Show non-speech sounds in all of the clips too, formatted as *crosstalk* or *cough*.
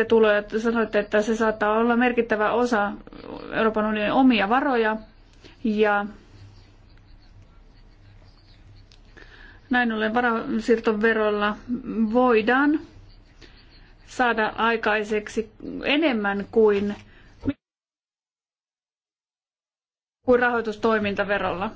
sitten tulee, sanoitte, että se saattaa olla merkittävä osa Euroopan unionin omia varoja. Ja näin ollen varasiirtoverolla voidaan saada aikaiseksi enemmän kuin, kuin rahoitustoimintaverolla.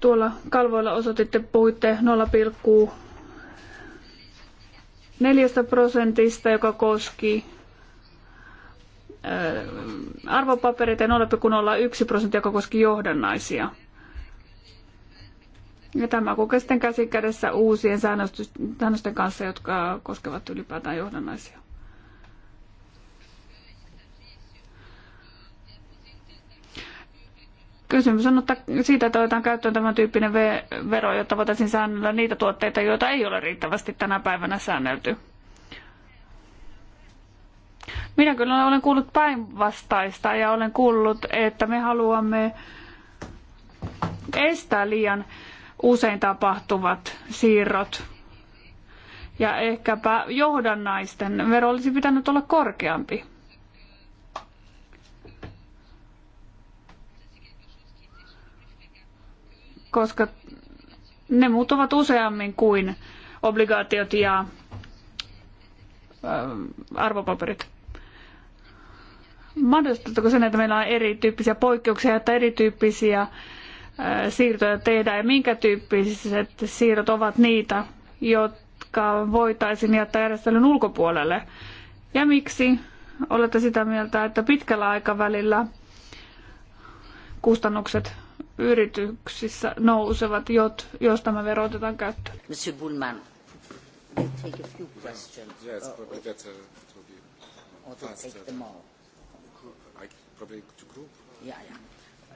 tuolla kalvoilla osoititte, puhuitte 0,4 prosentista, joka koski äh, arvopapereita ja 0,01 prosenttia, joka koski johdannaisia. Ja tämä kokee sitten käsi kädessä uusien säännösten kanssa, jotka koskevat ylipäätään johdannaisia. Kysymys on että siitä, että otetaan käyttöön tämän tyyppinen vero, jotta voitaisiin säännellä niitä tuotteita, joita ei ole riittävästi tänä päivänä säännelty. Minä kyllä olen kuullut päinvastaista ja olen kuullut, että me haluamme estää liian usein tapahtuvat siirrot. Ja ehkäpä johdannaisten vero olisi pitänyt olla korkeampi. koska ne muuttuvat useammin kuin obligaatiot ja äh, arvopaperit. Mahdollistatko sen, että meillä on erityyppisiä poikkeuksia, että erityyppisiä äh, siirtoja tehdään ja minkä tyyppiset siirrot ovat niitä, jotka voitaisiin jättää järjestelyn ulkopuolelle? Ja miksi olette sitä mieltä, että pitkällä aikavälillä kustannukset yrityksissä nousevat, jot, jos tämä vero otetaan käyttöön. Monsieur Bullman, take a few questions. Yes, probably better to be take them all. I, probably to group. Yeah,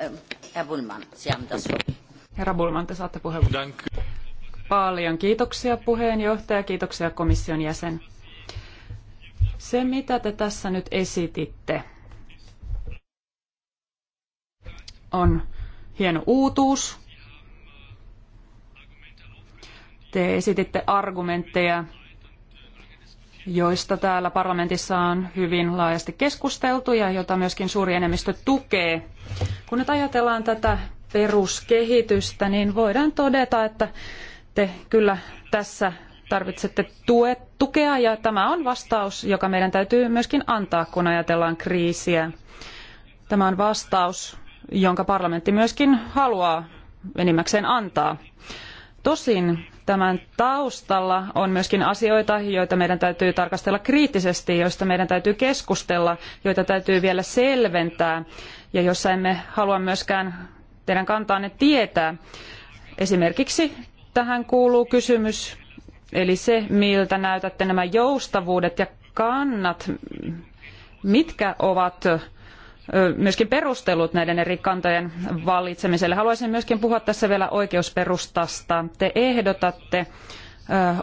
yeah. Um, Herr Bullman, Sie haben das Wort. Herra Bullman, te saatte puheenvuoron. Paljon kiitoksia puheenjohtaja, kiitoksia komission jäsen. Se, mitä te tässä nyt esititte, on hieno uutuus. Te esititte argumentteja, joista täällä parlamentissa on hyvin laajasti keskusteltu ja jota myöskin suuri enemmistö tukee. Kun nyt ajatellaan tätä peruskehitystä, niin voidaan todeta, että te kyllä tässä tarvitsette tukea ja tämä on vastaus, joka meidän täytyy myöskin antaa, kun ajatellaan kriisiä. Tämä on vastaus jonka parlamentti myöskin haluaa enimmäkseen antaa. Tosin tämän taustalla on myöskin asioita, joita meidän täytyy tarkastella kriittisesti, joista meidän täytyy keskustella, joita täytyy vielä selventää ja jossa emme halua myöskään teidän kantaanne tietää. Esimerkiksi tähän kuuluu kysymys, eli se, miltä näytätte nämä joustavuudet ja kannat, mitkä ovat myöskin perustelut näiden eri kantojen valitsemiselle. Haluaisin myöskin puhua tässä vielä oikeusperustasta. Te ehdotatte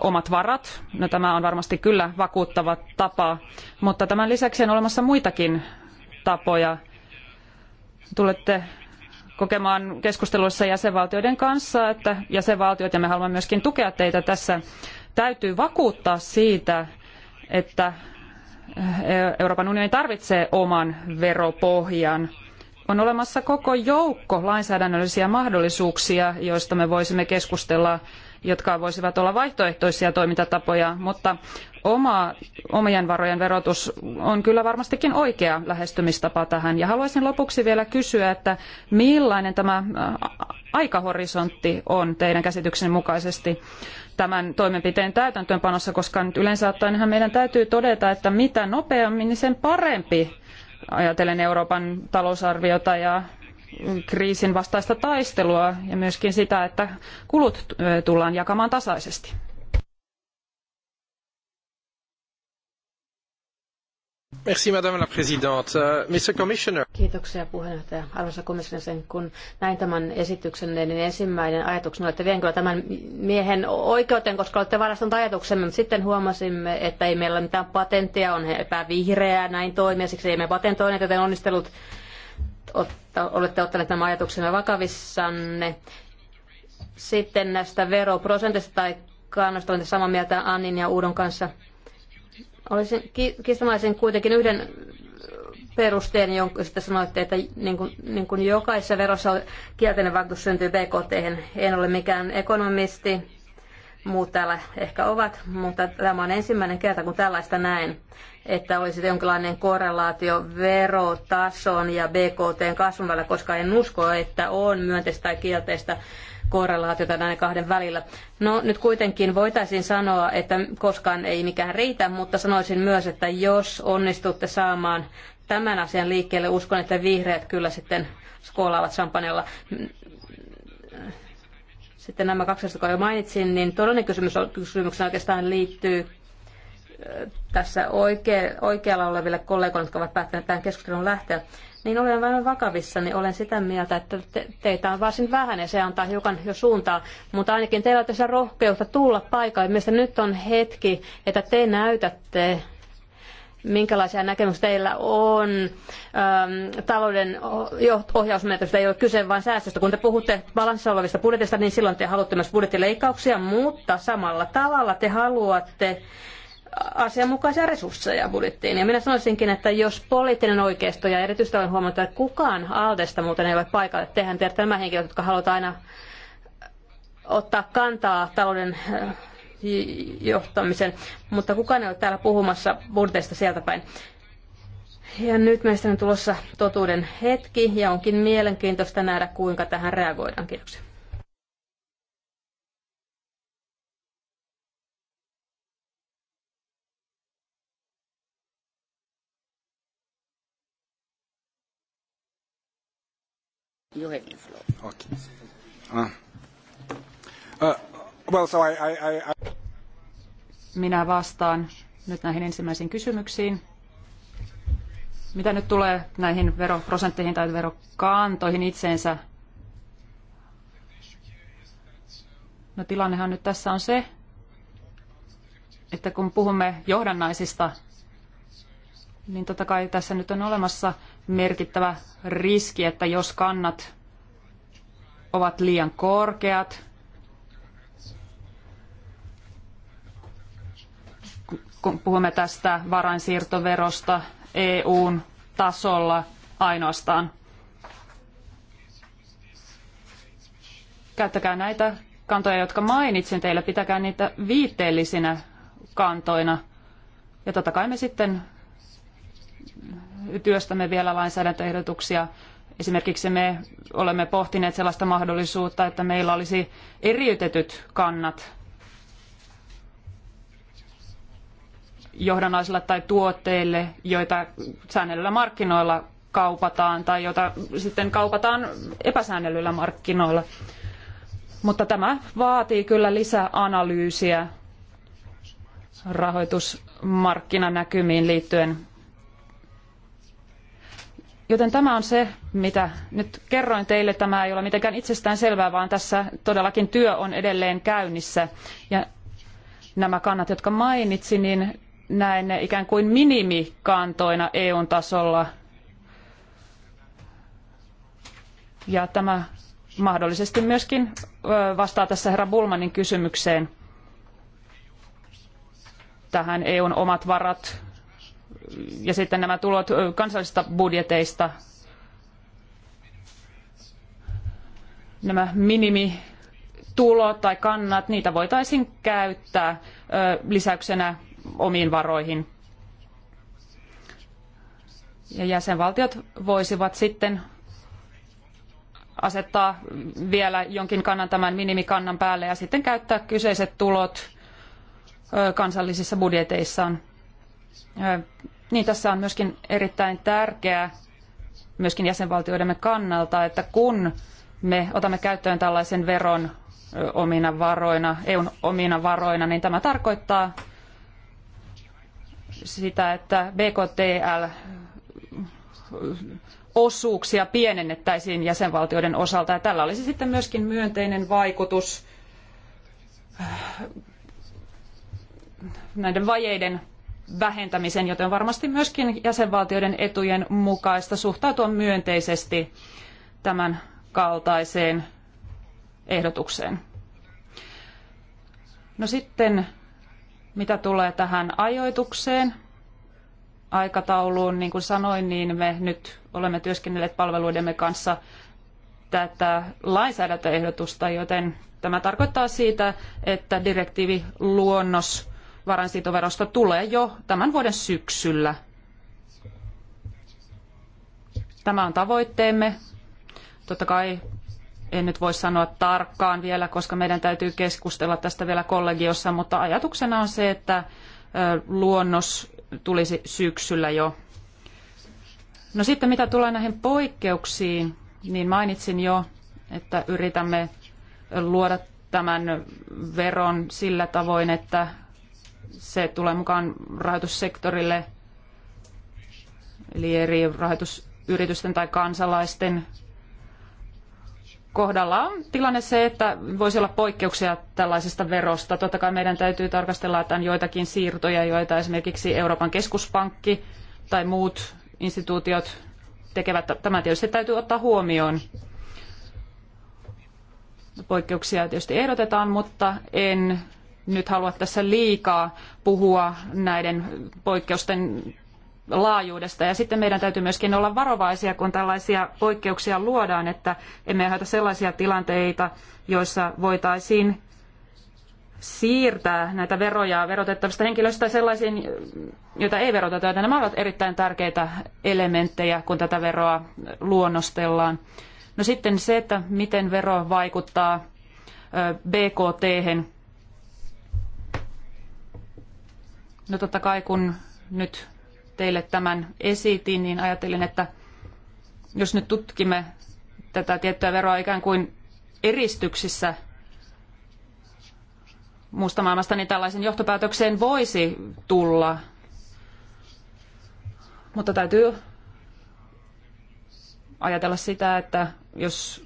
omat varat. No, tämä on varmasti kyllä vakuuttava tapa, mutta tämän lisäksi on olemassa muitakin tapoja. Tulette kokemaan keskusteluissa jäsenvaltioiden kanssa, että jäsenvaltiot, ja me haluamme myöskin tukea teitä tässä, täytyy vakuuttaa siitä, että Euroopan unioni tarvitsee oman veropohjan. On olemassa koko joukko lainsäädännöllisiä mahdollisuuksia, joista me voisimme keskustella, jotka voisivat olla vaihtoehtoisia toimintatapoja, mutta oma, omien varojen verotus on kyllä varmastikin oikea lähestymistapa tähän. Ja haluaisin lopuksi vielä kysyä, että millainen tämä aikahorisontti on teidän käsityksenne mukaisesti? tämän toimenpiteen täytäntöönpanossa, koska nyt yleensä ottaenhan meidän täytyy todeta, että mitä nopeammin, niin sen parempi ajatellen Euroopan talousarviota ja kriisin vastaista taistelua ja myöskin sitä, että kulut tullaan jakamaan tasaisesti. Merci, Madame la Présidente. Euh, Mr. Commissioner. Kiitoksia puheenjohtaja. Arvoisa komission sen, kun näin tämän esityksen, niin ensimmäinen ajatuksena, että vienkö tämän miehen oikeuteen, koska olette varastanut ajatuksemme, mutta sitten huomasimme, että ei meillä mitään patenttia, on epävihreää näin toimia, siksi ei me patentoineet, joten onnistelut otta, olette ottaneet nämä ajatuksemme vakavissanne. Sitten näistä veroprosentista tai kannasta olette samaa mieltä Annin ja Uudon kanssa. Olisin kiistamaisin kuitenkin yhden perusteen, jonka sitten sanoitte, että niin kuin, niin kuin jokaisessa verossa kielteinen vaikutus syntyy BKT. -hän. En ole mikään ekonomisti, muut täällä ehkä ovat, mutta tämä on ensimmäinen kerta, kun tällaista näen, että olisi jonkinlainen korrelaatio verotason ja BKTn kasvun välillä, koska en usko, että on myönteistä tai kielteistä korrelaatiota näiden kahden välillä. No nyt kuitenkin voitaisiin sanoa, että koskaan ei mikään riitä, mutta sanoisin myös, että jos onnistutte saamaan tämän asian liikkeelle, uskon, että vihreät kyllä sitten skoolaavat champanella sitten nämä kaksi asiaa, jotka jo mainitsin, niin todellinen kysymys kysymyksenä oikeastaan liittyy tässä oikea, oikealla oleville kollegoille, jotka ovat päättäneet tähän keskusteluun lähteä niin olen vähän vakavissa, niin olen sitä mieltä, että te, teitä on varsin vähän ja se antaa hiukan jo suuntaa, mutta ainakin teillä on tässä rohkeutta tulla paikalle. Mielestäni nyt on hetki, että te näytätte minkälaisia näkemyksiä teillä on. Ähm, talouden ohjausmenetelmistä ei ole kyse vain säästöstä. Kun te puhutte balanssissa olevista budjetista, niin silloin te haluatte myös budjettileikkauksia, mutta samalla tavalla te haluatte asianmukaisia resursseja budjettiin. Ja minä sanoisinkin, että jos poliittinen oikeisto, ja erityisesti olen huomannut, että kukaan aldesta muuten ei ole paikalle, tehän tiedätte nämä henkilöt, jotka haluavat aina ottaa kantaa talouden eh, johtamisen, mutta kukaan ei ole täällä puhumassa budjetista sieltä päin. Ja nyt meistä on tulossa totuuden hetki, ja onkin mielenkiintoista nähdä, kuinka tähän reagoidaan. Kiitoksia. floor. Okay. Ah. Uh, well, so I... Minä vastaan nyt näihin ensimmäisiin kysymyksiin. Mitä nyt tulee näihin veroprosentteihin tai verokantoihin itseensä? No tilannehan nyt tässä on se, että kun puhumme johdannaisista niin totta kai tässä nyt on olemassa merkittävä riski, että jos kannat ovat liian korkeat, kun puhumme tästä varainsiirtoverosta EUn tasolla ainoastaan. Käyttäkää näitä kantoja, jotka mainitsin teille, pitäkää niitä viitteellisinä kantoina. Ja totta kai me sitten työstämme vielä lainsäädäntöehdotuksia. Esimerkiksi me olemme pohtineet sellaista mahdollisuutta, että meillä olisi eriytetyt kannat johdannaisille tai tuotteille, joita säännellyillä markkinoilla kaupataan tai joita sitten kaupataan epäsäännellyillä markkinoilla. Mutta tämä vaatii kyllä lisäanalyysiä rahoitusmarkkinanäkymiin liittyen. Joten tämä on se, mitä nyt kerroin teille. Tämä ei ole mitenkään itsestään selvää, vaan tässä todellakin työ on edelleen käynnissä. Ja nämä kannat, jotka mainitsin, niin näen ne ikään kuin minimikantoina eu tasolla. Ja tämä mahdollisesti myöskin vastaa tässä herra Bulmanin kysymykseen. Tähän EUn omat varat ja sitten nämä tulot kansallisista budjeteista, nämä minimitulot tai kannat, niitä voitaisiin käyttää lisäyksenä omiin varoihin. Ja jäsenvaltiot voisivat sitten asettaa vielä jonkin kannan tämän minimikannan päälle ja sitten käyttää kyseiset tulot kansallisissa budjeteissaan. Niin tässä on myöskin erittäin tärkeää myöskin jäsenvaltioidemme kannalta, että kun me otamme käyttöön tällaisen veron omina varoina, EUn omina varoina, niin tämä tarkoittaa sitä, että BKTL osuuksia pienennettäisiin jäsenvaltioiden osalta ja tällä olisi sitten myöskin myönteinen vaikutus näiden vajeiden vähentämisen, joten varmasti myöskin jäsenvaltioiden etujen mukaista suhtautua myönteisesti tämän kaltaiseen ehdotukseen. No sitten, mitä tulee tähän ajoitukseen, aikatauluun, niin kuin sanoin, niin me nyt olemme työskennelleet palveluidemme kanssa tätä lainsäädäntöehdotusta, joten tämä tarkoittaa siitä, että direktiiviluonnos varainsiitoverosta tulee jo tämän vuoden syksyllä. Tämä on tavoitteemme. Totta kai en nyt voi sanoa tarkkaan vielä, koska meidän täytyy keskustella tästä vielä kollegiossa, mutta ajatuksena on se, että luonnos tulisi syksyllä jo. No sitten mitä tulee näihin poikkeuksiin, niin mainitsin jo, että yritämme luoda tämän veron sillä tavoin, että se tulee mukaan rahoitussektorille, eli eri rahoitusyritysten tai kansalaisten kohdalla on tilanne se, että voisi olla poikkeuksia tällaisesta verosta. Totta kai meidän täytyy tarkastella, että on joitakin siirtoja, joita esimerkiksi Euroopan keskuspankki tai muut instituutiot tekevät. Tämä tietysti täytyy ottaa huomioon. Poikkeuksia tietysti ehdotetaan, mutta en nyt halua tässä liikaa puhua näiden poikkeusten laajuudesta. Ja sitten meidän täytyy myöskin olla varovaisia, kun tällaisia poikkeuksia luodaan, että emme aiheuta sellaisia tilanteita, joissa voitaisiin siirtää näitä veroja verotettavista henkilöistä sellaisiin, joita ei veroteta. Joten nämä ovat erittäin tärkeitä elementtejä, kun tätä veroa luonnostellaan. No sitten se, että miten vero vaikuttaa BKT. hen No totta kai kun nyt teille tämän esitin, niin ajattelin, että jos nyt tutkimme tätä tiettyä veroa ikään kuin eristyksissä muusta maailmasta, niin tällaisen johtopäätökseen voisi tulla. Mutta täytyy ajatella sitä, että jos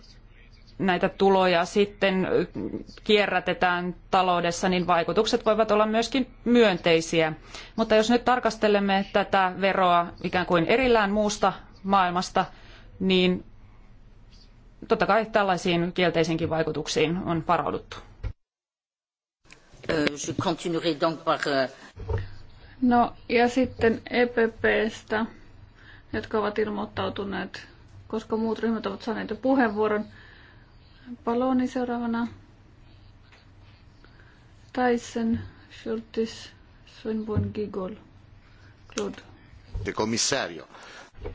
näitä tuloja sitten kierrätetään taloudessa, niin vaikutukset voivat olla myöskin myönteisiä. Mutta jos nyt tarkastelemme tätä veroa ikään kuin erillään muusta maailmasta, niin totta kai tällaisiin kielteisiinkin vaikutuksiin on varauduttu. Euh, euh, no ja sitten EPPstä, jotka ovat ilmoittautuneet, koska muut ryhmät ovat saaneet jo puheenvuoron. Paloni seuraavana. Tyson, Schultis, Swinburne, Gigol, Claude. komissario.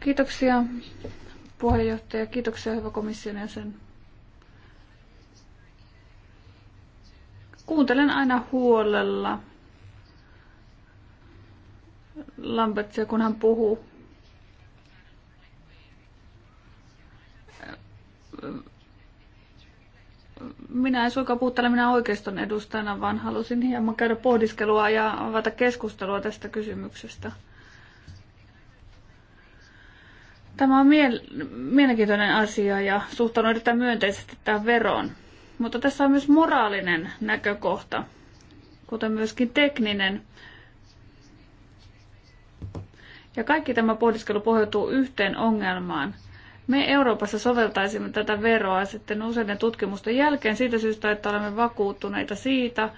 Kiitoksia puheenjohtaja, kiitoksia hyvä komission jäsen. Kuuntelen aina huolella Lambertsia, kun hän puhuu minä en suinkaan puhu täällä minä oikeiston edustajana, vaan halusin hieman käydä pohdiskelua ja avata keskustelua tästä kysymyksestä. Tämä on mielenkiintoinen asia ja suhtaudun erittäin myönteisesti tähän veroon. Mutta tässä on myös moraalinen näkökohta, kuten myöskin tekninen. Ja kaikki tämä pohdiskelu pohjautuu yhteen ongelmaan – me Euroopassa soveltaisimme tätä veroa sitten useiden tutkimusten jälkeen siitä syystä, että olemme vakuuttuneita siitä,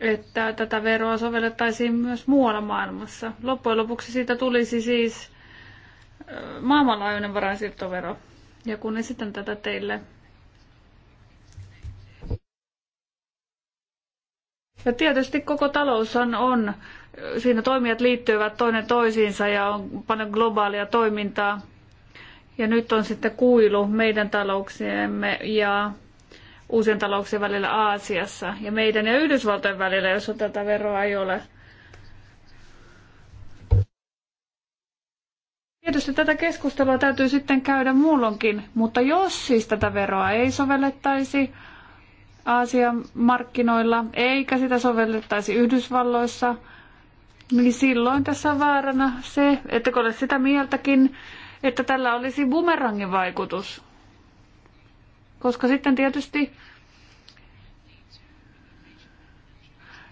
että tätä veroa sovellettaisiin myös muualla maailmassa. Loppujen lopuksi siitä tulisi siis maailmanlaajuinen varainsiirtovero. Ja kun esitän tätä teille. Ja tietysti koko talous on, siinä toimijat liittyvät toinen toisiinsa ja on paljon globaalia toimintaa. Ja nyt on sitten kuilu meidän talouksiemme ja uusien talouksien välillä Aasiassa ja meidän ja Yhdysvaltojen välillä, jos tätä veroa ei ole. Tietysti tätä keskustelua täytyy sitten käydä muullonkin, mutta jos siis tätä veroa ei sovellettaisi Aasian markkinoilla, eikä sitä sovellettaisi Yhdysvalloissa, niin silloin tässä on vaarana se, että kun olet sitä mieltäkin, että tällä olisi bumerangin vaikutus. Koska sitten tietysti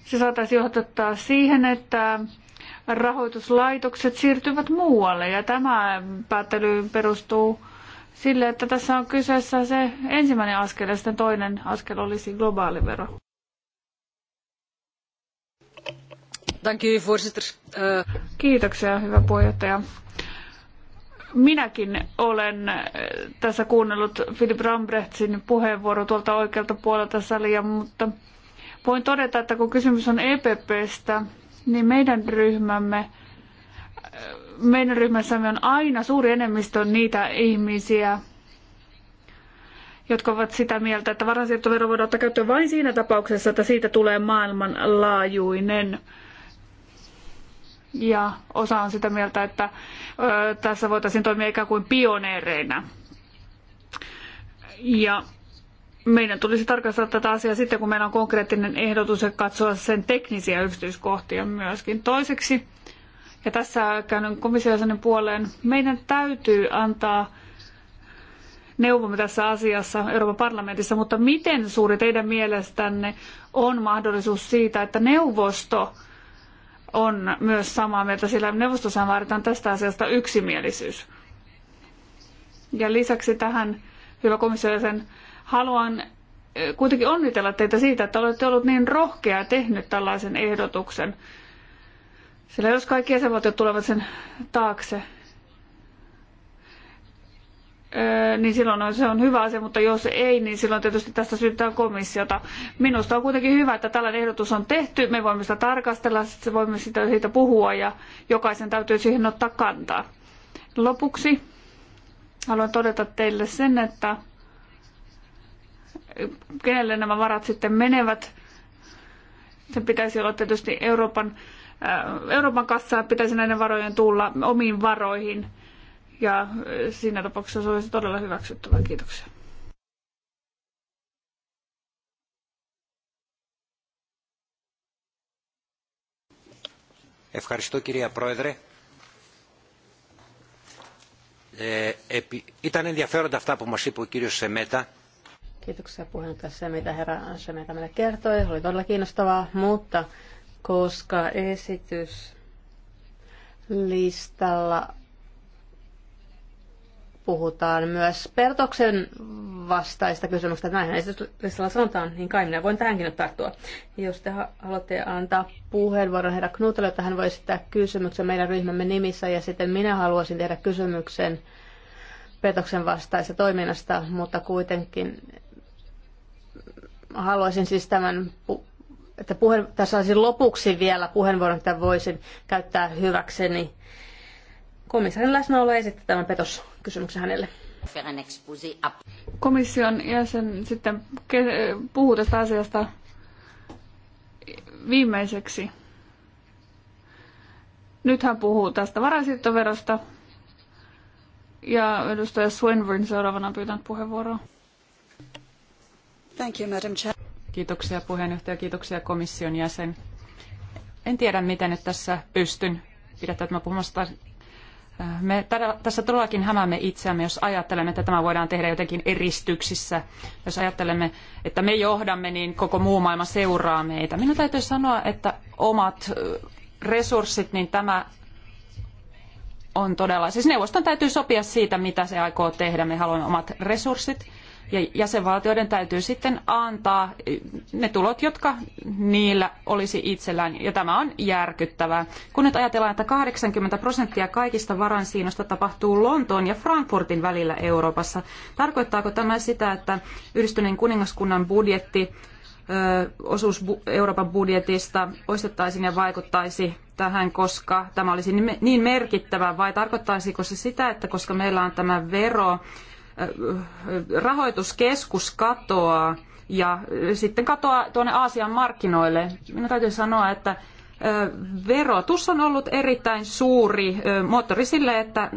se saataisiin johtaa siihen, että rahoituslaitokset siirtyvät muualle. Ja tämä päättely perustuu sille, että tässä on kyseessä se ensimmäinen askel ja sitten toinen askel olisi globaali vero. Eh, Kiitoksia, hyvä puheenjohtaja. Minäkin olen äh, tässä kuunnellut Philip Rambrechtsin puheenvuoro tuolta oikealta puolelta salia, mutta voin todeta, että kun kysymys on EPPstä, niin meidän ryhmämme äh, meidän ryhmässämme on aina suuri enemmistö niitä ihmisiä, jotka ovat sitä mieltä, että varainsiirtovero voidaan ottaa käyttöön vain siinä tapauksessa, että siitä tulee maailmanlaajuinen ja osa on sitä mieltä, että ö, tässä voitaisiin toimia ikään kuin pioneereinä. Ja meidän tulisi tarkastella tätä asiaa sitten, kun meillä on konkreettinen ehdotus ja katsoa sen teknisiä yksityiskohtia myöskin. Toiseksi, ja tässä käyn komissiojäsenen puoleen, meidän täytyy antaa neuvomme tässä asiassa Euroopan parlamentissa, mutta miten suuri teidän mielestänne on mahdollisuus siitä, että neuvosto on myös samaa mieltä, sillä neuvostossa vaaditaan tästä asiasta yksimielisyys. Ja lisäksi tähän, hyvä komissio, sen haluan eh, kuitenkin onnitella teitä siitä, että olette ollut niin rohkea ja tehnyt tällaisen ehdotuksen. Sillä jos kaikki jäsenvaltiot tulevat sen taakse, niin silloin se on hyvä asia, mutta jos ei, niin silloin tietysti tästä syytetään komissiota. Minusta on kuitenkin hyvä, että tällainen ehdotus on tehty, me voimme sitä tarkastella, sitten voimme sitä, siitä puhua ja jokaisen täytyy siihen ottaa kantaa. Lopuksi haluan todeta teille sen, että kenelle nämä varat sitten menevät. Sen pitäisi olla tietysti Euroopan, Euroopan kassaan, pitäisi näiden varojen tulla omiin varoihin – ja siinä tapauksessa se olisi todella hyväksyttävää. Kiitoksia. Ευχαριστώ κυρία Πρόεδρε. Ε, επί... Ήταν ενδιαφέροντα αυτά που μας είπε ο κύριος Σεμέτα. Kiitoksia puheenjohtaja se, mitä herra Semeta meille kertoi. Oli todella kiinnostavaa, mutta koska esitys listalla puhutaan myös Pertoksen vastaista kysymystä. Näinhän esityksellä sanotaan, niin kai minä voin tähänkin nyt tarttua. Jos te haluatte antaa puheenvuoron herra Knutelle, että hän voi esittää kysymyksen meidän ryhmämme nimissä, ja sitten minä haluaisin tehdä kysymyksen petoksen vastaista toiminnasta, mutta kuitenkin haluaisin siis tämän, että puhe, tässä olisin lopuksi vielä puheenvuoron, että voisin käyttää hyväkseni komissarin läsnäolo esitti tämän petoskysymyksen hänelle. Komission jäsen sitten puhuu tästä asiasta viimeiseksi. Nyt hän puhuu tästä varaisiittoverosta. Ja edustaja Swinburne seuraavana pyytän puheenvuoroa. Thank you, Madam Chair. Kiitoksia puheenjohtaja, kiitoksia komission jäsen. En tiedä, miten nyt tässä pystyn mä puhumasta Äh, me tässä todellakin hämäämme itseämme, jos ajattelemme, että tämä voidaan tehdä jotenkin eristyksissä. Jos ajattelemme, että me johdamme, niin koko muu maailma seuraa meitä. Minun täytyy sanoa, että omat äh, resurssit, niin tämä on todella... Siis neuvoston täytyy sopia siitä, mitä se aikoo tehdä. Me haluamme omat resurssit ja jäsenvaltioiden täytyy sitten antaa ne tulot, jotka niillä olisi itsellään. Ja tämä on järkyttävää. Kun nyt ajatellaan, että 80 prosenttia kaikista varansiinosta tapahtuu Lontoon ja Frankfurtin välillä Euroopassa, tarkoittaako tämä sitä, että yhdistyneen kuningaskunnan budjetti osuus Euroopan budjetista poistettaisiin ja vaikuttaisi tähän, koska tämä olisi niin merkittävä, vai tarkoittaisiko se sitä, että koska meillä on tämä vero, rahoituskeskus katoaa ja sitten katoaa tuonne Aasian markkinoille. Minun täytyy sanoa, että verotus on ollut erittäin suuri moottori sille, että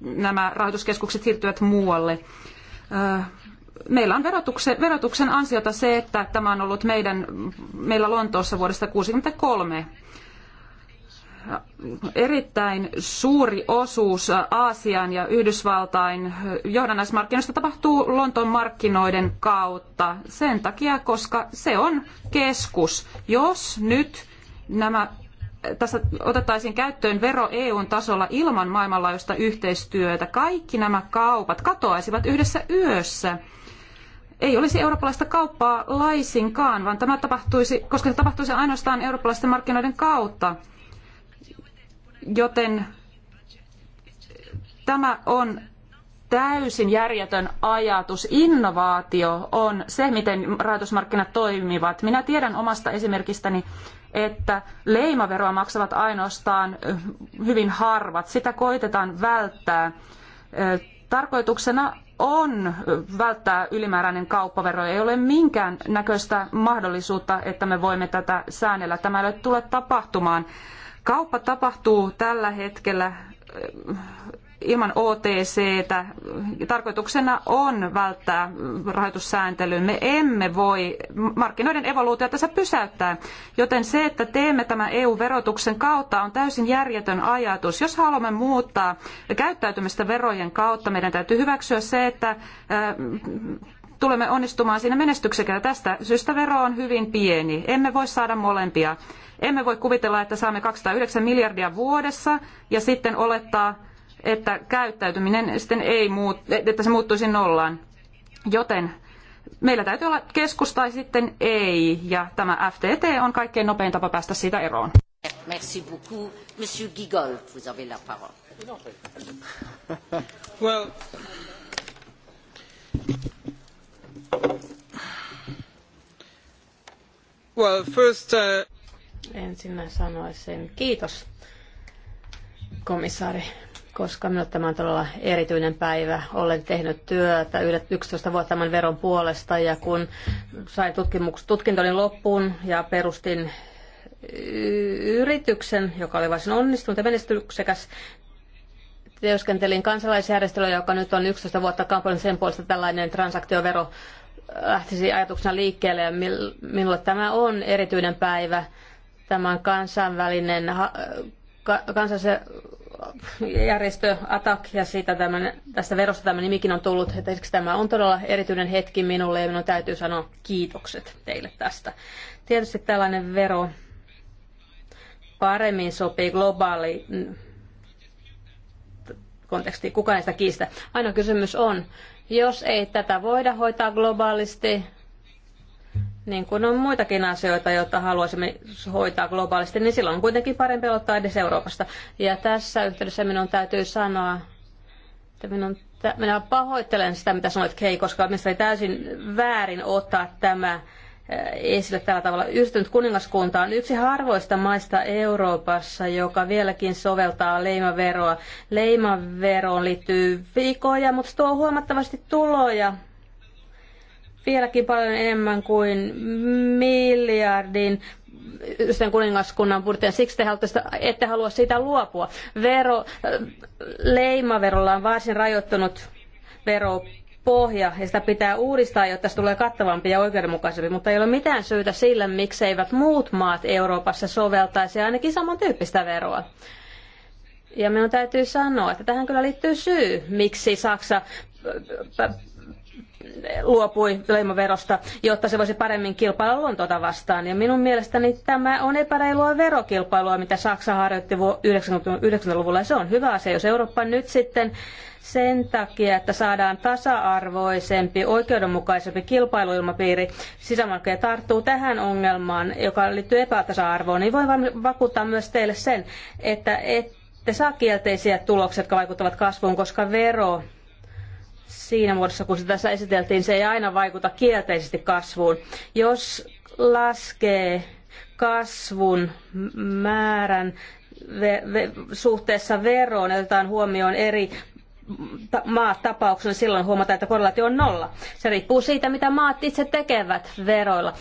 nämä rahoituskeskukset siirtyvät muualle. Meillä on verotuksen, verotuksen ansiota se, että tämä on ollut meidän, meillä Lontoossa vuodesta 1963 erittäin suuri osuus Aasian ja Yhdysvaltain johdannaismarkkinoista tapahtuu Lontoon markkinoiden kautta sen takia, koska se on keskus. Jos nyt nämä tässä otettaisiin käyttöön vero EUn tasolla ilman maailmanlaajuista yhteistyötä, kaikki nämä kaupat katoaisivat yhdessä yössä ei olisi eurooppalaista kauppaa laisinkaan, vaan tämä tapahtuisi, koska se tapahtuisi ainoastaan eurooppalaisten markkinoiden kautta. Joten tämä on täysin järjetön ajatus. Innovaatio on se, miten rahoitusmarkkinat toimivat. Minä tiedän omasta esimerkistäni, että leimaveroa maksavat ainoastaan hyvin harvat. Sitä koitetaan välttää. Tarkoituksena on välttää ylimääräinen kauppavero. Ei ole minkään näköistä mahdollisuutta, että me voimme tätä säännellä. Tämä ei tule tapahtumaan. Kauppa tapahtuu tällä hetkellä eh, ilman otc Tarkoituksena on välttää rahoitussääntelyä. Me emme voi markkinoiden evoluutiota tässä pysäyttää, joten se, että teemme tämän EU-verotuksen kautta on täysin järjetön ajatus. Jos haluamme muuttaa käyttäytymistä verojen kautta, meidän täytyy hyväksyä se, että eh, tulemme onnistumaan siinä menestyksekään. Tästä syystä vero on hyvin pieni. Emme voi saada molempia. Emme voi kuvitella, että saamme 209 miljardia vuodessa ja sitten olettaa, että käyttäytyminen sitten ei muut, että se muuttuisi nollaan. Joten meillä täytyy olla keskus tai sitten ei, ja tämä FTT on kaikkein nopein tapa päästä siitä eroon. Merci beaucoup. Monsieur Gigol, vous avez la parole. well, Well, first, uh... Ensinnä sanoisin kiitos, komissaari, koska minulle tämä on todella erityinen päivä. Olen tehnyt työtä 11 vuotta tämän veron puolesta ja kun sain tutkintoni loppuun ja perustin yrityksen, joka oli varsin onnistunut ja menestyksekäs, työskentelin kansalaisjärjestöllä, joka nyt on 11 vuotta kampanjan sen puolesta tällainen transaktiovero lähtisi ajatuksena liikkeelle ja minulle tämä on erityinen päivä. Tämä on kansainvälinen kansallisen järjestö ATAK ja siitä tämän, tästä verosta tämä nimikin on tullut, että siksi tämä on todella erityinen hetki minulle ja minun täytyy sanoa kiitokset teille tästä. Tietysti tällainen vero paremmin sopii globaali konteksti, kukaan ei sitä kiistä. Ainoa kysymys on, jos ei tätä voida hoitaa globaalisti, niin kuin on muitakin asioita, joita haluaisimme hoitaa globaalisti, niin silloin on kuitenkin parempi aloittaa edes Euroopasta. Ja tässä yhteydessä minun täytyy sanoa, että minun minä pahoittelen sitä, mitä sanoit Kei, koska ei täysin väärin ottaa tämä Eh, esille tällä tavalla. Yhdistynyt kuningaskunta on yksi harvoista maista Euroopassa, joka vieläkin soveltaa leimaveroa. Leimaveroon liittyy vikoja, mutta se tuo huomattavasti tuloja vieläkin paljon enemmän kuin miljardin sen kuningaskunnan budjetin. Siksi te haluatte, ette halua siitä luopua. Vero, eh, leimaverolla on varsin rajoittunut vero pohja ja sitä pitää uudistaa, jotta se tulee kattavampi ja oikeudenmukaisempi, mutta ei ole mitään syytä sille, mikseivät muut maat Euroopassa soveltaisi ainakin samantyyppistä veroa. Ja minun täytyy sanoa, että tähän kyllä liittyy syy, miksi Saksa äh, äh, luopui leimaverosta, jotta se voisi paremmin kilpailla luontoa vastaan. Ja minun mielestäni tämä on epäreilua verokilpailua, mitä Saksa harjoitti 90-luvulla. Ja se on hyvä asia, jos Eurooppa nyt sitten sen takia, että saadaan tasa-arvoisempi, oikeudenmukaisempi kilpailuilmapiiri. Sisämarkkina tarttuu tähän ongelmaan, joka liittyy epätasa-arvoon, niin voin vakuuttaa myös teille sen, että ette saa kielteisiä tuloksia, jotka vaikuttavat kasvuun, koska vero siinä muodossa, kun se tässä esiteltiin, se ei aina vaikuta kielteisesti kasvuun. Jos laskee kasvun määrän suhteessa veroon ja otetaan huomioon eri maat silloin huomataan, että korrelaatio on nolla. Se riippuu siitä, mitä maat itse tekevät veroilla.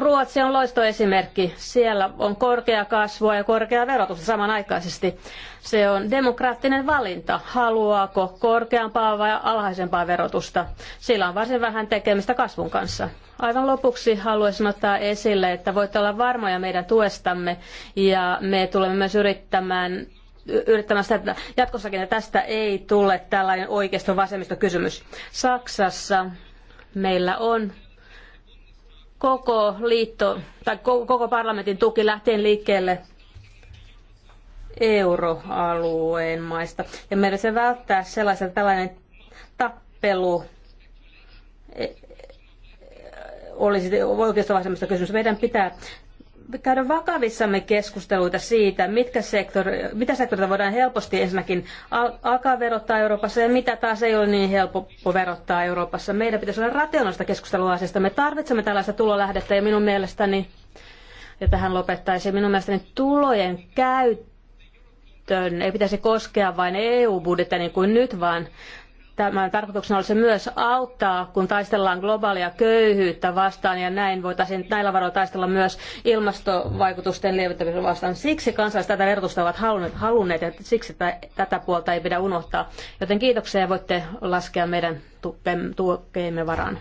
Ruotsi on esimerkki, Siellä on korkea kasvua ja korkea verotus samanaikaisesti. Se on demokraattinen valinta, haluaako korkeampaa vai alhaisempaa verotusta. Sillä on varsin vähän tekemistä kasvun kanssa. Aivan lopuksi haluaisin ottaa esille, että voitte olla varmoja meidän tuestamme ja me tulemme myös yrittämään yrittämään sitä, että jatkossakin että tästä ei tule tällainen oikeisto vasemmisto kysymys. Saksassa meillä on koko liitto tai koko parlamentin tuki lähtien liikkeelle euroalueen maista. Ja meidän se välttää sellaisen tällainen tappelu e-, olisi oikeastaan vasemmista kysymys. Meidän pitää käydä vakavissamme keskusteluita siitä, mitkä mitä sektoreita voidaan helposti ensinnäkin al- alkaa verottaa Euroopassa ja mitä taas ei ole niin helppo verottaa Euroopassa. Meidän pitäisi olla rationaalista keskustelua asiasta. Me tarvitsemme tällaista tulolähdettä ja minun mielestäni, ja tähän lopettaisin, minun mielestäni tulojen käyttöön ei pitäisi koskea vain EU-budjettia niin kuin nyt, vaan Tämän tarkoituksena olisi myös auttaa, kun taistellaan globaalia köyhyyttä vastaan, ja näin voitaisiin näillä varoilla taistella myös ilmastovaikutusten lievittämisen vastaan. Siksi kansalaiset tätä verotusta ovat halunneet, ja siksi tätä puolta ei pidä unohtaa. Joten kiitoksia ja voitte laskea meidän tukeemme varaan.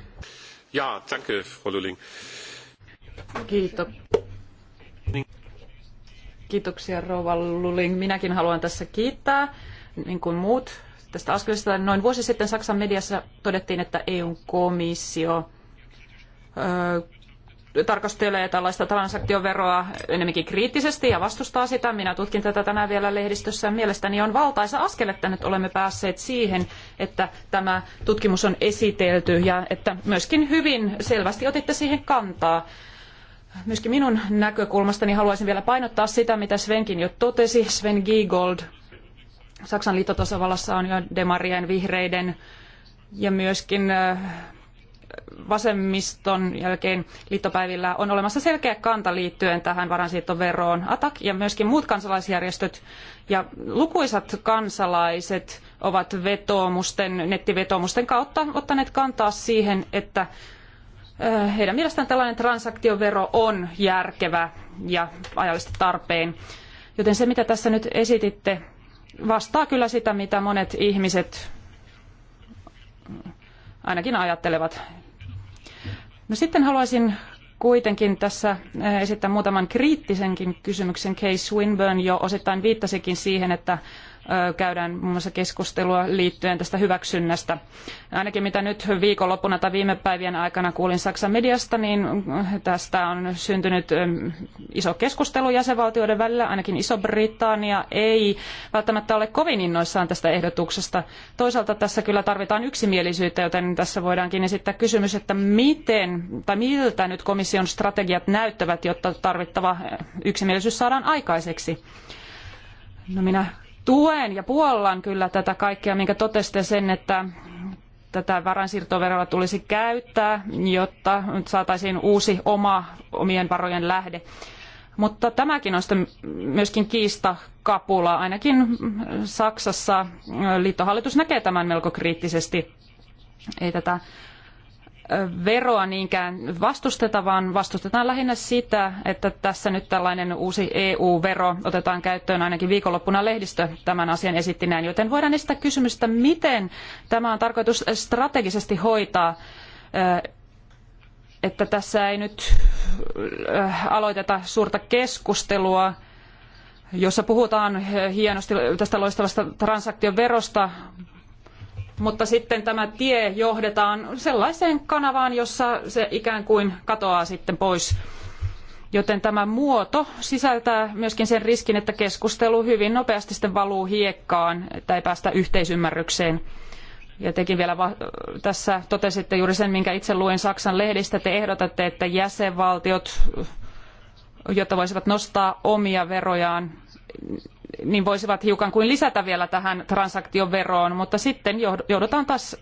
Ja, danke, Frau Lulling. Kiitos. Kiitoksia, Rova Luling. Minäkin haluan tässä kiittää, niin kuin muut tästä askelista. Noin vuosi sitten Saksan mediassa todettiin, että EUn komissio tarkastelee tällaista transaktioveroa enemmänkin kriittisesti ja vastustaa sitä. Minä tutkin tätä tänään vielä lehdistössä. Mielestäni on valtaisa askel, että nyt olemme päässeet siihen, että tämä tutkimus on esitelty ja että myöskin hyvin selvästi otitte siihen kantaa. Myöskin minun näkökulmastani haluaisin vielä painottaa sitä, mitä Svenkin jo totesi. Sven Giegold Saksan liittotasavallassa on jo demarien, vihreiden ja myöskin vasemmiston jälkeen liittopäivillä on olemassa selkeä kanta liittyen tähän varansiirtoveroon. ATAK ja myöskin muut kansalaisjärjestöt ja lukuisat kansalaiset ovat vetoomusten, nettivetoomusten kautta ottaneet kantaa siihen, että heidän mielestään tällainen transaktiovero on järkevä ja ajallisesti tarpeen. Joten se, mitä tässä nyt esititte, vastaa kyllä sitä, mitä monet ihmiset ainakin ajattelevat. No sitten haluaisin kuitenkin tässä eh, esittää muutaman kriittisenkin kysymyksen. Case Swinburne jo osittain viittasikin siihen, että käydään muun muassa keskustelua liittyen tästä hyväksynnästä. Ainakin mitä nyt viikonloppuna tai viime päivien aikana kuulin Saksan mediasta, niin tästä on syntynyt iso keskustelu jäsenvaltioiden välillä. Ainakin Iso-Britannia ei välttämättä ole kovin innoissaan tästä ehdotuksesta. Toisaalta tässä kyllä tarvitaan yksimielisyyttä, joten tässä voidaankin esittää kysymys, että miten tai miltä nyt komission strategiat näyttävät, jotta tarvittava yksimielisyys saadaan aikaiseksi. No minä tuen ja puollan kyllä tätä kaikkea, minkä totesitte sen, että tätä varainsiirtoveroa tulisi käyttää, jotta saataisiin uusi oma omien varojen lähde. Mutta tämäkin on sitten myöskin kiistakapula. Ainakin Saksassa liittohallitus näkee tämän melko kriittisesti. Ei tätä veroa niinkään vastusteta, vaan vastustetaan lähinnä sitä, että tässä nyt tällainen uusi EU-vero otetaan käyttöön ainakin viikonloppuna lehdistö tämän asian esitti näin, joten voidaan esittää kysymystä, miten tämä on tarkoitus strategisesti hoitaa eh, että tässä ei nyt eh, aloiteta suurta keskustelua, jossa puhutaan hienosti tästä loistavasta transaktioverosta, mutta sitten tämä tie johdetaan sellaiseen kanavaan, jossa se ikään kuin katoaa sitten pois. Joten tämä muoto sisältää myöskin sen riskin, että keskustelu hyvin nopeasti sitten valuu hiekkaan, että ei päästä yhteisymmärrykseen. Ja tekin vielä tässä totesitte juuri sen, minkä itse luin Saksan lehdistä. Te ehdotatte, että jäsenvaltiot, jotta voisivat nostaa omia verojaan, niin voisivat hiukan kuin lisätä vielä tähän transaktioveroon, mutta sitten joudutaan taas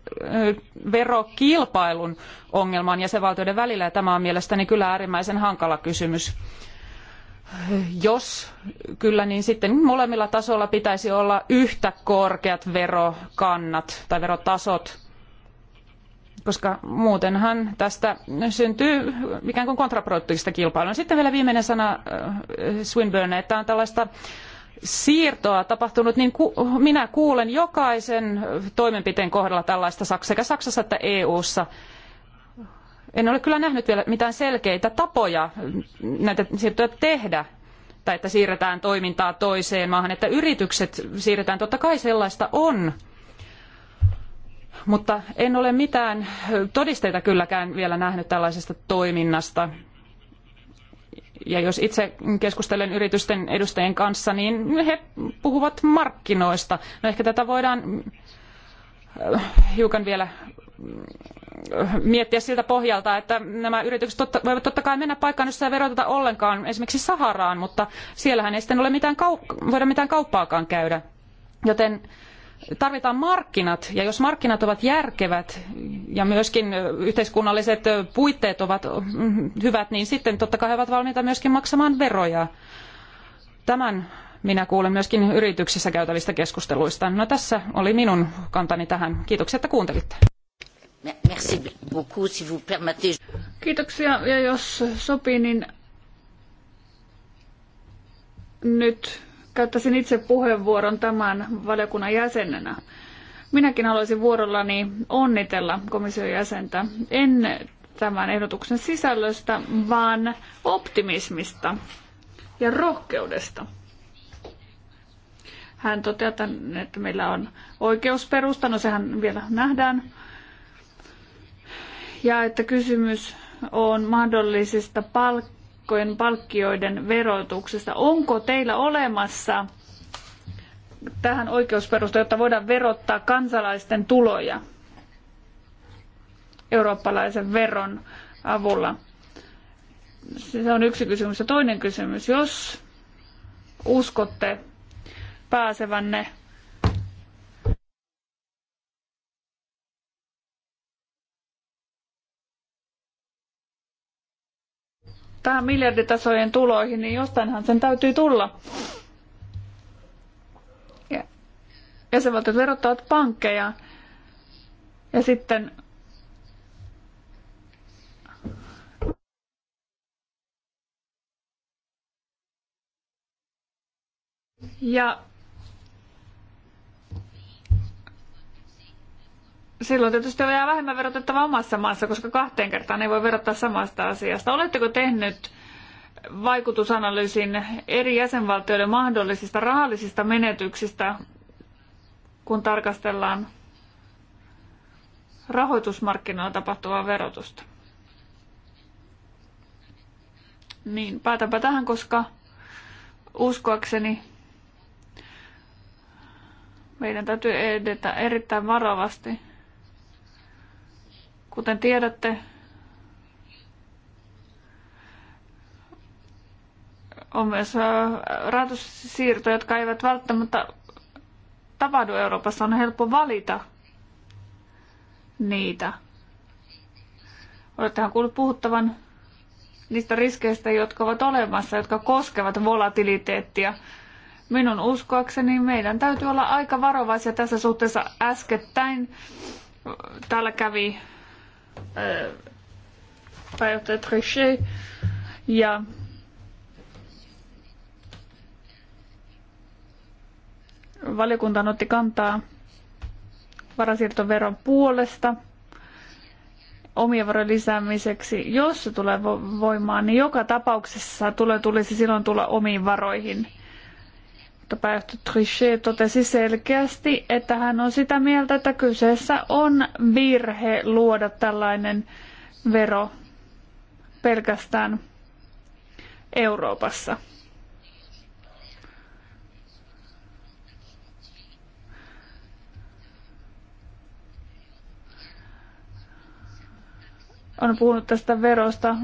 verokilpailun ongelmaan jäsenvaltioiden välillä, ja tämä on mielestäni kyllä äärimmäisen hankala kysymys. Jos kyllä, niin sitten molemmilla tasoilla pitäisi olla yhtä korkeat verokannat tai verotasot koska muutenhan tästä syntyy ikään kuin kontraproduktiivista kilpailua. Sitten vielä viimeinen sana äh, Swinburne, että on tällaista siirtoa tapahtunut, niin ku, minä kuulen jokaisen toimenpiteen kohdalla tällaista sekä Saksassa että EU:ssa. En ole kyllä nähnyt vielä mitään selkeitä tapoja näitä siirtoja tehdä tai että siirretään toimintaa toiseen maahan, että yritykset siirretään, totta kai sellaista on mutta en ole mitään todisteita kylläkään vielä nähnyt tällaisesta toiminnasta. Ja jos itse keskustelen yritysten edustajien kanssa, niin he puhuvat markkinoista. No ehkä tätä voidaan äh, hiukan vielä äh, miettiä siltä pohjalta, että nämä yritykset totta, voivat totta kai mennä paikkaan, jossa ei veroteta ollenkaan esimerkiksi Saharaan, mutta siellähän ei sitten ole mitään kau voida mitään kauppaakaan käydä. Joten tarvitaan markkinat ja jos markkinat ovat järkevät ja myöskin yhteiskunnalliset puitteet ovat mm, hyvät, niin sitten totta kai he ovat valmiita myöskin maksamaan veroja. Tämän minä kuulen myöskin yrityksissä käytävistä keskusteluista. No tässä oli minun kantani tähän. Kiitoksia, että kuuntelitte. Kiitoksia ja jos sopii, niin nyt käyttäisin itse puheenvuoron tämän valiokunnan jäsenenä. Minäkin haluaisin vuorollani onnitella komission jäsentä. En tämän ehdotuksen sisällöstä, vaan optimismista ja rohkeudesta. Hän toteaa, että meillä on oikeusperusta, no sehän vielä nähdään, ja että kysymys on mahdollisista palk- poliitikkojen palkkioiden verotuksesta. Onko teillä olemassa tähän oikeusperusta, jotta voidaan verottaa kansalaisten tuloja eurooppalaisen veron avulla? Se on yksi kysymys. Ja toinen kysymys, jos uskotte pääsevänne tähän miljarditasojen tuloihin, niin jostainhan sen täytyy tulla. Ja jäsenvaltiot verottavat pankkeja ja sitten Ja Silloin tietysti on jää vähemmän verotettava omassa maassa, koska kahteen kertaan ei voi verottaa samasta asiasta. Oletteko tehnyt vaikutusanalyysin eri jäsenvaltioiden mahdollisista rahallisista menetyksistä, kun tarkastellaan rahoitusmarkkinoilla tapahtuvaa verotusta? Niin, päätänpä tähän, koska uskoakseni meidän täytyy edetä erittäin varovasti. Kuten tiedätte, on myös äh, rahoitussiirtoja, jotka eivät välttämättä tapahdu Euroopassa. On helppo valita niitä. Olettehan kuullut puhuttavan niistä riskeistä, jotka ovat olemassa, jotka koskevat volatiliteettia. Minun uskoakseni meidän täytyy olla aika varovaisia tässä suhteessa. Äskettäin täällä kävi pääjohtaja Trichet ja valiokunta otti kantaa varasiirtoveron puolesta omien varojen lisäämiseksi. Jos se tulee voimaan, niin joka tapauksessa tulee tulisi silloin tulla omiin varoihin pääjohtaja Trichet totesi selkeästi, että hän on sitä mieltä, että kyseessä on virhe luoda tällainen vero pelkästään Euroopassa. On puhunut tästä verosta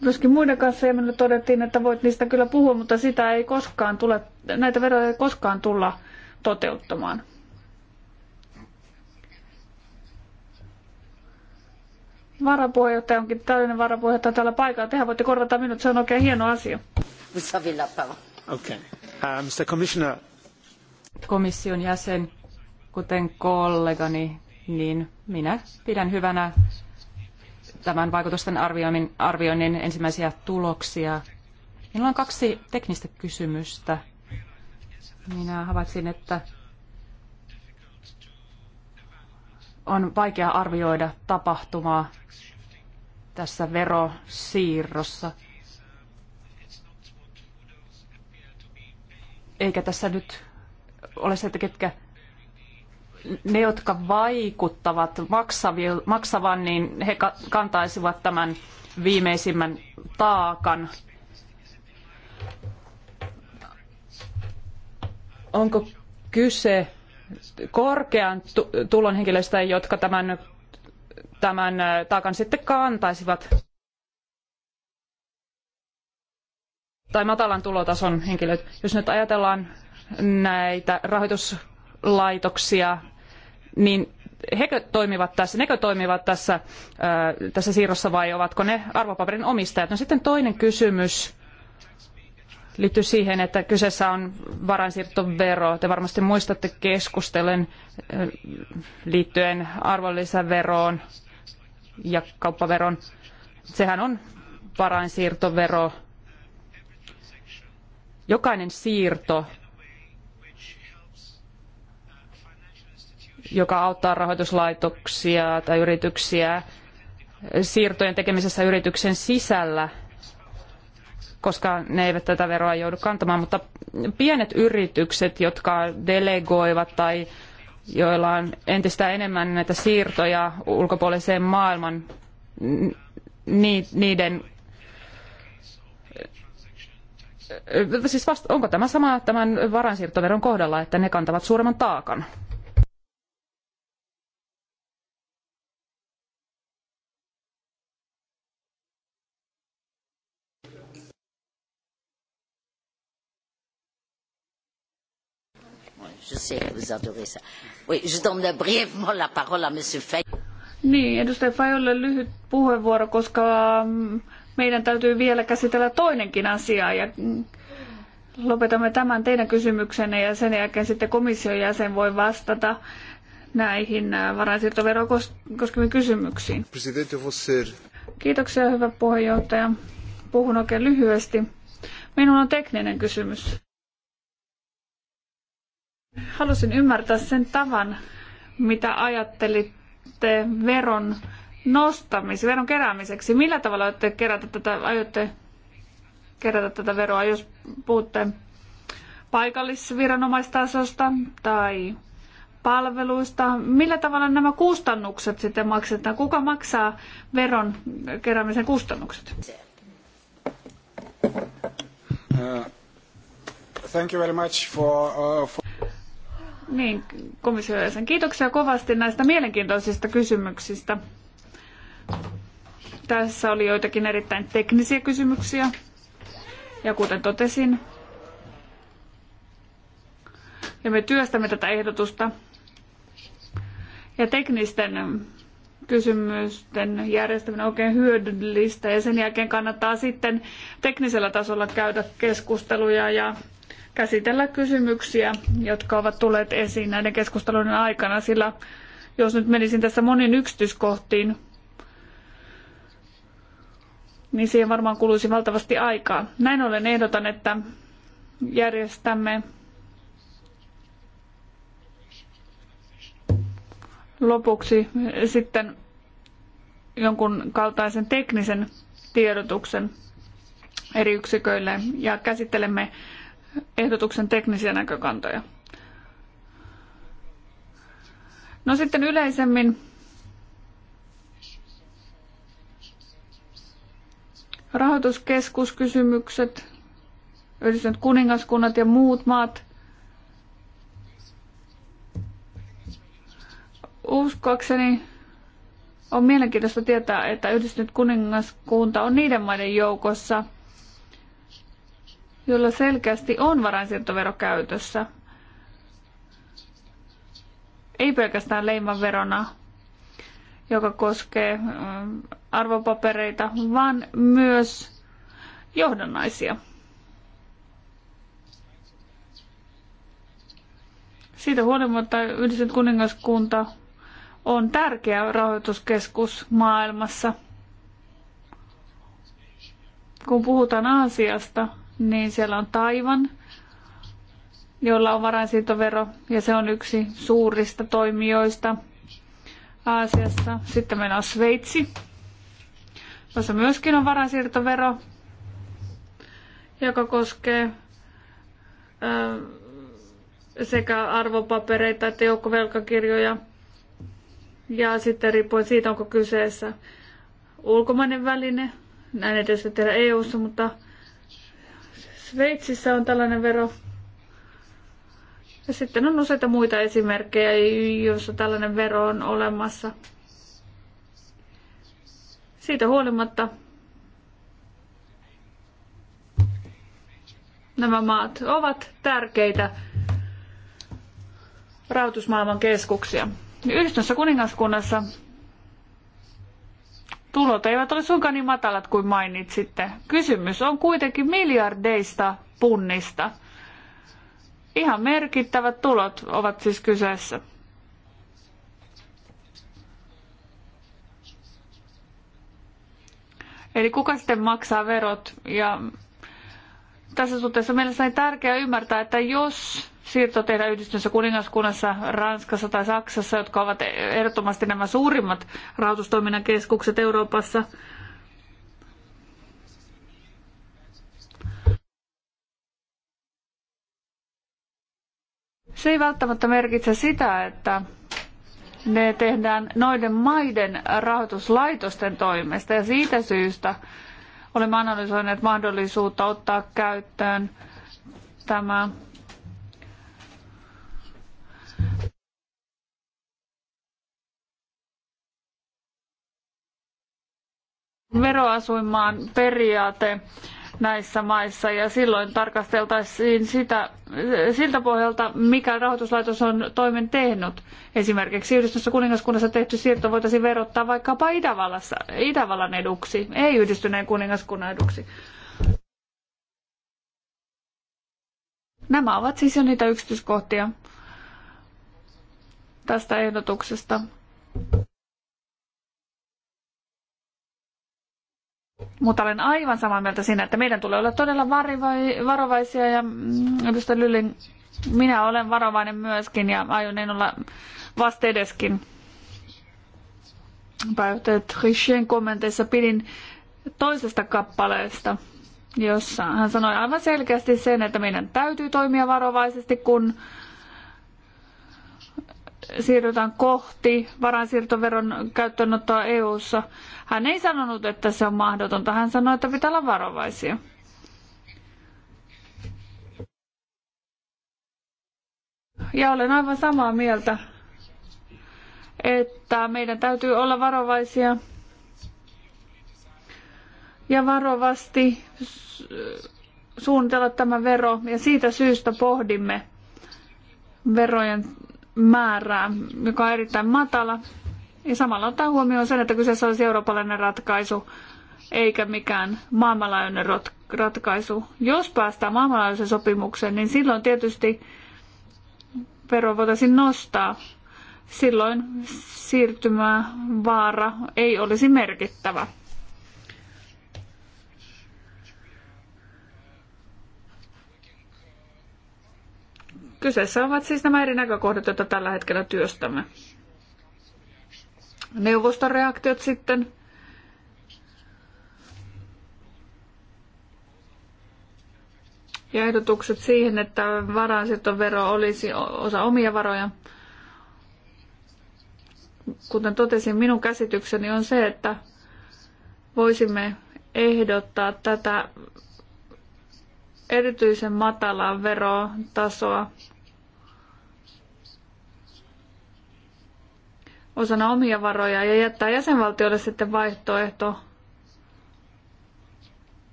myöskin muiden kanssa ja minulle todettiin, että voit niistä kyllä puhua, mutta sitä ei koskaan tule, näitä veroja ei koskaan tulla toteuttamaan. Varapuheenjohtaja onkin täydellinen varapuheenjohtaja täällä paikalla. Tehän voitte korvata minut, se on oikein hieno asia. Okay. Uh, Mr. Komission jäsen, kuten kollegani, niin minä pidän hyvänä tämän vaikutusten arvioinnin, arvioinnin ensimmäisiä tuloksia. Minulla on kaksi teknistä kysymystä. Minä havaitsin, että on vaikea arvioida tapahtumaa tässä verosiirrossa. Eikä tässä nyt ole se, että ketkä ne, jotka vaikuttavat maksavan, niin he kantaisivat tämän viimeisimmän taakan. Onko kyse korkean tulon henkilöistä, jotka tämän, tämän taakan sitten kantaisivat? Tai matalan tulotason henkilöt. Jos nyt ajatellaan näitä rahoituslaitoksia, niin hekö toimivat tässä, nekö toimivat tässä, ää, tässä siirrossa vai ovatko ne arvopaperin omistajat? No sitten toinen kysymys liittyy siihen, että kyseessä on varainsiirtovero. Te varmasti muistatte keskustelun liittyen arvonlisäveroon ja kauppaveron. Sehän on varainsiirtovero. Jokainen siirto joka auttaa rahoituslaitoksia tai yrityksiä siirtojen tekemisessä yrityksen sisällä, koska ne eivät tätä veroa joudu kantamaan, mutta pienet yritykset, jotka delegoivat tai joilla on entistä enemmän näitä siirtoja ulkopuoliseen maailman, niiden Siis vasta, onko tämä sama tämän varainsiirtoveron kohdalla, että ne kantavat suuremman taakan? Je sais que vous adorez ça. Oui, je donne brièvement la parole à Monsieur Fay. Niin, edustaja Fajolle lyhyt puheenvuoro, koska mm, meidän täytyy vielä käsitellä toinenkin asia ja mm, lopetamme tämän teidän kysymyksenne ja sen jälkeen sitten komission jäsen voi vastata näihin äh, varainsiirtoveroa koskeviin kysymyksiin. Kiitoksia, hyvä puheenjohtaja. Puhun oikein lyhyesti. Minulla on tekninen kysymys. Halusin ymmärtää sen tavan, mitä ajattelitte veron nostamiseksi, veron keräämiseksi. Millä tavalla aiotte kerätä tätä, aiotte kerätä tätä veroa, jos puhutte paikallisviranomaistasosta tai palveluista. Millä tavalla nämä kustannukset sitten maksetaan? Kuka maksaa veron keräämisen kustannukset? Uh, thank you very much for, uh, for... Niin, komissio jäsen. Kiitoksia kovasti näistä mielenkiintoisista kysymyksistä. Tässä oli joitakin erittäin teknisiä kysymyksiä. Ja kuten totesin, ja me työstämme tätä ehdotusta. Ja teknisten kysymysten järjestäminen on oikein hyödyllistä ja sen jälkeen kannattaa sitten teknisellä tasolla käydä keskusteluja ja käsitellä kysymyksiä, jotka ovat tulleet esiin näiden keskusteluiden aikana, sillä jos nyt menisin tässä monin yksityiskohtiin, niin siihen varmaan kuluisi valtavasti aikaa. Näin ollen ehdotan, että järjestämme lopuksi sitten jonkun kaltaisen teknisen tiedotuksen eri yksiköille ja käsittelemme ehdotuksen teknisiä näkökantoja. No sitten yleisemmin rahoituskeskuskysymykset, yhdistyneet kuningaskunnat ja muut maat. Uskoakseni on mielenkiintoista tietää, että yhdistynyt kuningaskunta on niiden maiden joukossa – jolla selkeästi on varainsiirtovero käytössä. Ei pelkästään leimanverona, joka koskee mm, arvopapereita, vaan myös johdannaisia. Siitä huolimatta yhdistetty kuningaskunta on tärkeä rahoituskeskus maailmassa. Kun puhutaan Aasiasta, niin siellä on Taivan, jolla on varainsiirtovero ja se on yksi suurista toimijoista Aasiassa. Sitten meillä on Sveitsi, jossa myöskin on varainsiirtovero, joka koskee sekä arvopapereita että joukkovelkakirjoja. Ja sitten riippuen siitä, onko kyseessä ulkomainen väline. Näin ei tietysti tehdä EU-ssa, mutta Sveitsissä on tällainen vero. Ja sitten on useita muita esimerkkejä, joissa tällainen vero on olemassa. Siitä huolimatta nämä maat ovat tärkeitä rautusmaailman keskuksia. Yhdistössä kuningaskunnassa tulot eivät ole suinkaan niin matalat kuin mainitsitte. Kysymys on kuitenkin miljardeista punnista. Ihan merkittävät tulot ovat siis kyseessä. Eli kuka sitten maksaa verot? Ja tässä suhteessa mielestäni tärkeää ymmärtää, että jos siirto tehdä yhdistyneessä kuningaskunnassa, Ranskassa tai Saksassa, jotka ovat ehdottomasti nämä suurimmat rahoitustoiminnan keskukset Euroopassa. Se ei välttämättä merkitse sitä, että ne tehdään noiden maiden rahoituslaitosten toimesta ja siitä syystä olemme analysoineet mahdollisuutta ottaa käyttöön tämä veroasuinmaan periaate näissä maissa ja silloin tarkasteltaisiin sitä, siltä pohjalta, mikä rahoituslaitos on toimen tehnyt. Esimerkiksi yhdistyneessä kuningaskunnassa tehty siirto voitaisiin verottaa vaikkapa Itävallassa, Itävallan eduksi, ei yhdistyneen kuningaskunnan eduksi. Nämä ovat siis jo niitä yksityiskohtia tästä ehdotuksesta. Mutta olen aivan samaa mieltä siinä, että meidän tulee olla todella varovaisia ja mm, edustaja Lyllin, minä olen varovainen myöskin ja aion en olla vasta edeskin. Pääjohtaja Trichien kommenteissa pidin toisesta kappaleesta, jossa hän sanoi aivan selkeästi sen, että meidän täytyy toimia varovaisesti, kun siirrytään kohti varainsiirtoveron käyttöönottoa EU:ssa. Hän ei sanonut, että se on mahdotonta. Hän sanoi, että pitää olla varovaisia. Ja olen aivan samaa mieltä, että meidän täytyy olla varovaisia ja varovasti suunnitella tämä vero. Ja siitä syystä pohdimme verojen määrää, joka on erittäin matala. Ja samalla ottaa huomioon sen, että kyseessä olisi eurooppalainen ratkaisu, eikä mikään maailmanlaajuinen ratkaisu. Jos päästään maailmanlaajuisen sopimukseen, niin silloin tietysti vero voitaisiin nostaa. Silloin siirtymävaara ei olisi merkittävä. Kyseessä ovat siis nämä eri näkökohdat, joita tällä hetkellä työstämme. Neuvoston reaktiot sitten. Ja ehdotukset siihen, että varainsiirtovero olisi osa omia varoja. Kuten totesin, minun käsitykseni on se, että voisimme ehdottaa tätä erityisen matalaa verotasoa osana omia varoja ja jättää jäsenvaltioille sitten vaihtoehto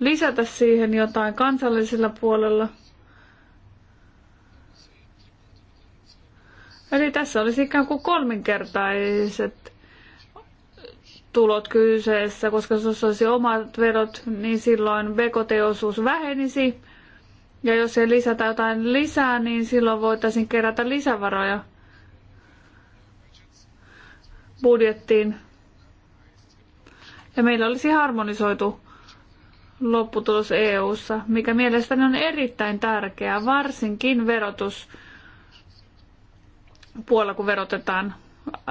lisätä siihen jotain kansallisella puolella. Eli tässä olisi ikään kuin kolminkertaiset tulot kyseessä, koska jos olisi omat verot, niin silloin BKT-osuus vähenisi. Ja jos se lisätään jotain lisää, niin silloin voitaisiin kerätä lisävaroja budjettiin. Ja meillä olisi harmonisoitu lopputulos EU:ssa, mikä mielestäni on erittäin tärkeää, varsinkin verotus puolella, kun verotetaan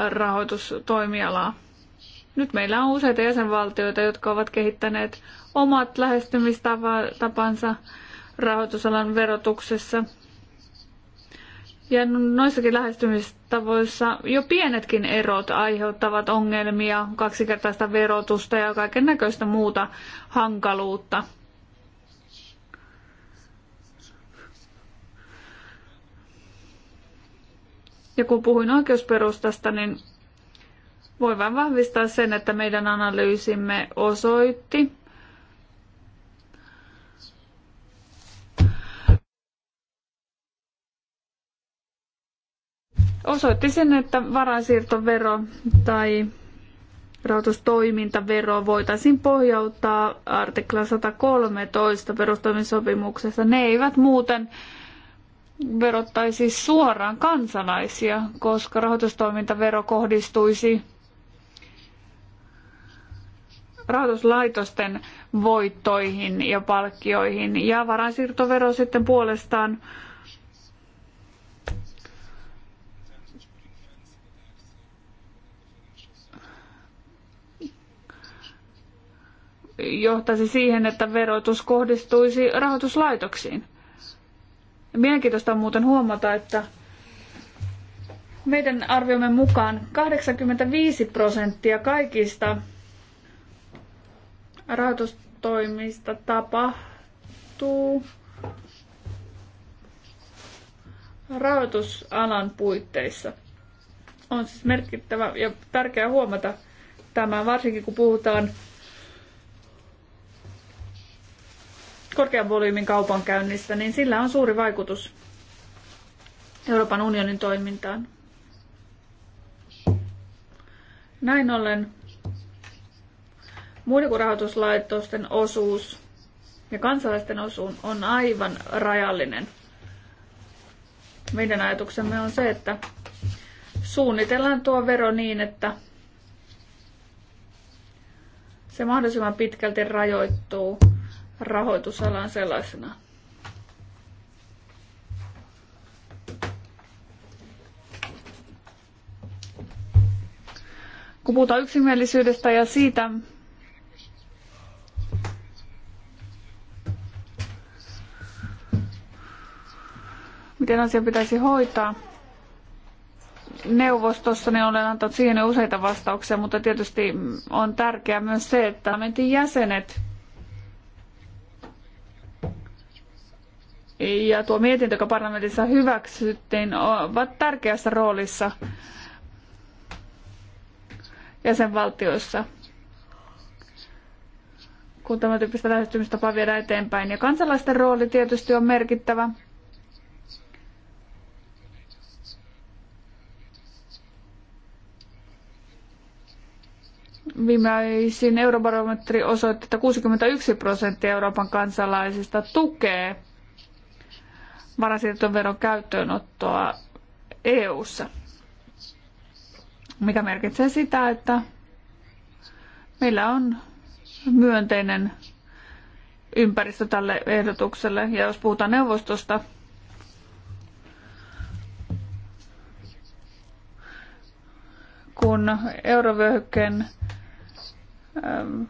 rahoitustoimialaa. Nyt meillä on useita jäsenvaltioita, jotka ovat kehittäneet omat lähestymistapansa rahoitusalan verotuksessa. Ja noissakin lähestymistavoissa jo pienetkin erot aiheuttavat ongelmia, kaksikertaista verotusta ja kaiken näköistä muuta hankaluutta. Ja kun puhuin oikeusperustasta, niin Voin vain vahvistaa sen, että meidän analyysimme osoitti, osoitti sen, että varainsiirtovero tai rahoitustoimintavero voitaisiin pohjauttaa artikla 113 perustamissopimuksessa. Ne eivät muuten verottaisi suoraan kansalaisia, koska rahoitustoimintavero kohdistuisi rahoituslaitosten voittoihin ja palkkioihin. Ja varainsiirtovero sitten puolestaan johtaisi siihen, että verotus kohdistuisi rahoituslaitoksiin. Mielenkiintoista on muuten huomata, että meidän arviomme mukaan 85 prosenttia kaikista rahoitustoimista tapahtuu rahoitusalan puitteissa. On siis merkittävä ja tärkeää huomata tämä, varsinkin kun puhutaan korkean volyymin kaupankäynnistä, niin sillä on suuri vaikutus Euroopan unionin toimintaan. Näin ollen muiden kuin rahoituslaitosten osuus ja kansalaisten osuus on aivan rajallinen. Meidän ajatuksemme on se, että suunnitellaan tuo vero niin, että se mahdollisimman pitkälti rajoittuu rahoitusalan sellaisena. Kun puhutaan yksimielisyydestä ja siitä, miten asia pitäisi hoitaa neuvostossa, niin olen antanut siihen jo useita vastauksia, mutta tietysti on tärkeää myös se, että parlamentin jäsenet ja tuo mietintö, joka parlamentissa hyväksyttiin, ovat tärkeässä roolissa jäsenvaltioissa, kun tämä tyyppistä lähestymistapaa viedään eteenpäin. Ja kansalaisten rooli tietysti on merkittävä. Viimeisin eurobarometri osoitti, että 61 prosenttia Euroopan kansalaisista tukee varasiirtoveron käyttöönottoa EU:ssa, mikä merkitsee sitä, että meillä on myönteinen ympäristö tälle ehdotukselle. Ja jos puhutaan neuvostosta, kun eurovyöhykkeen Ähm,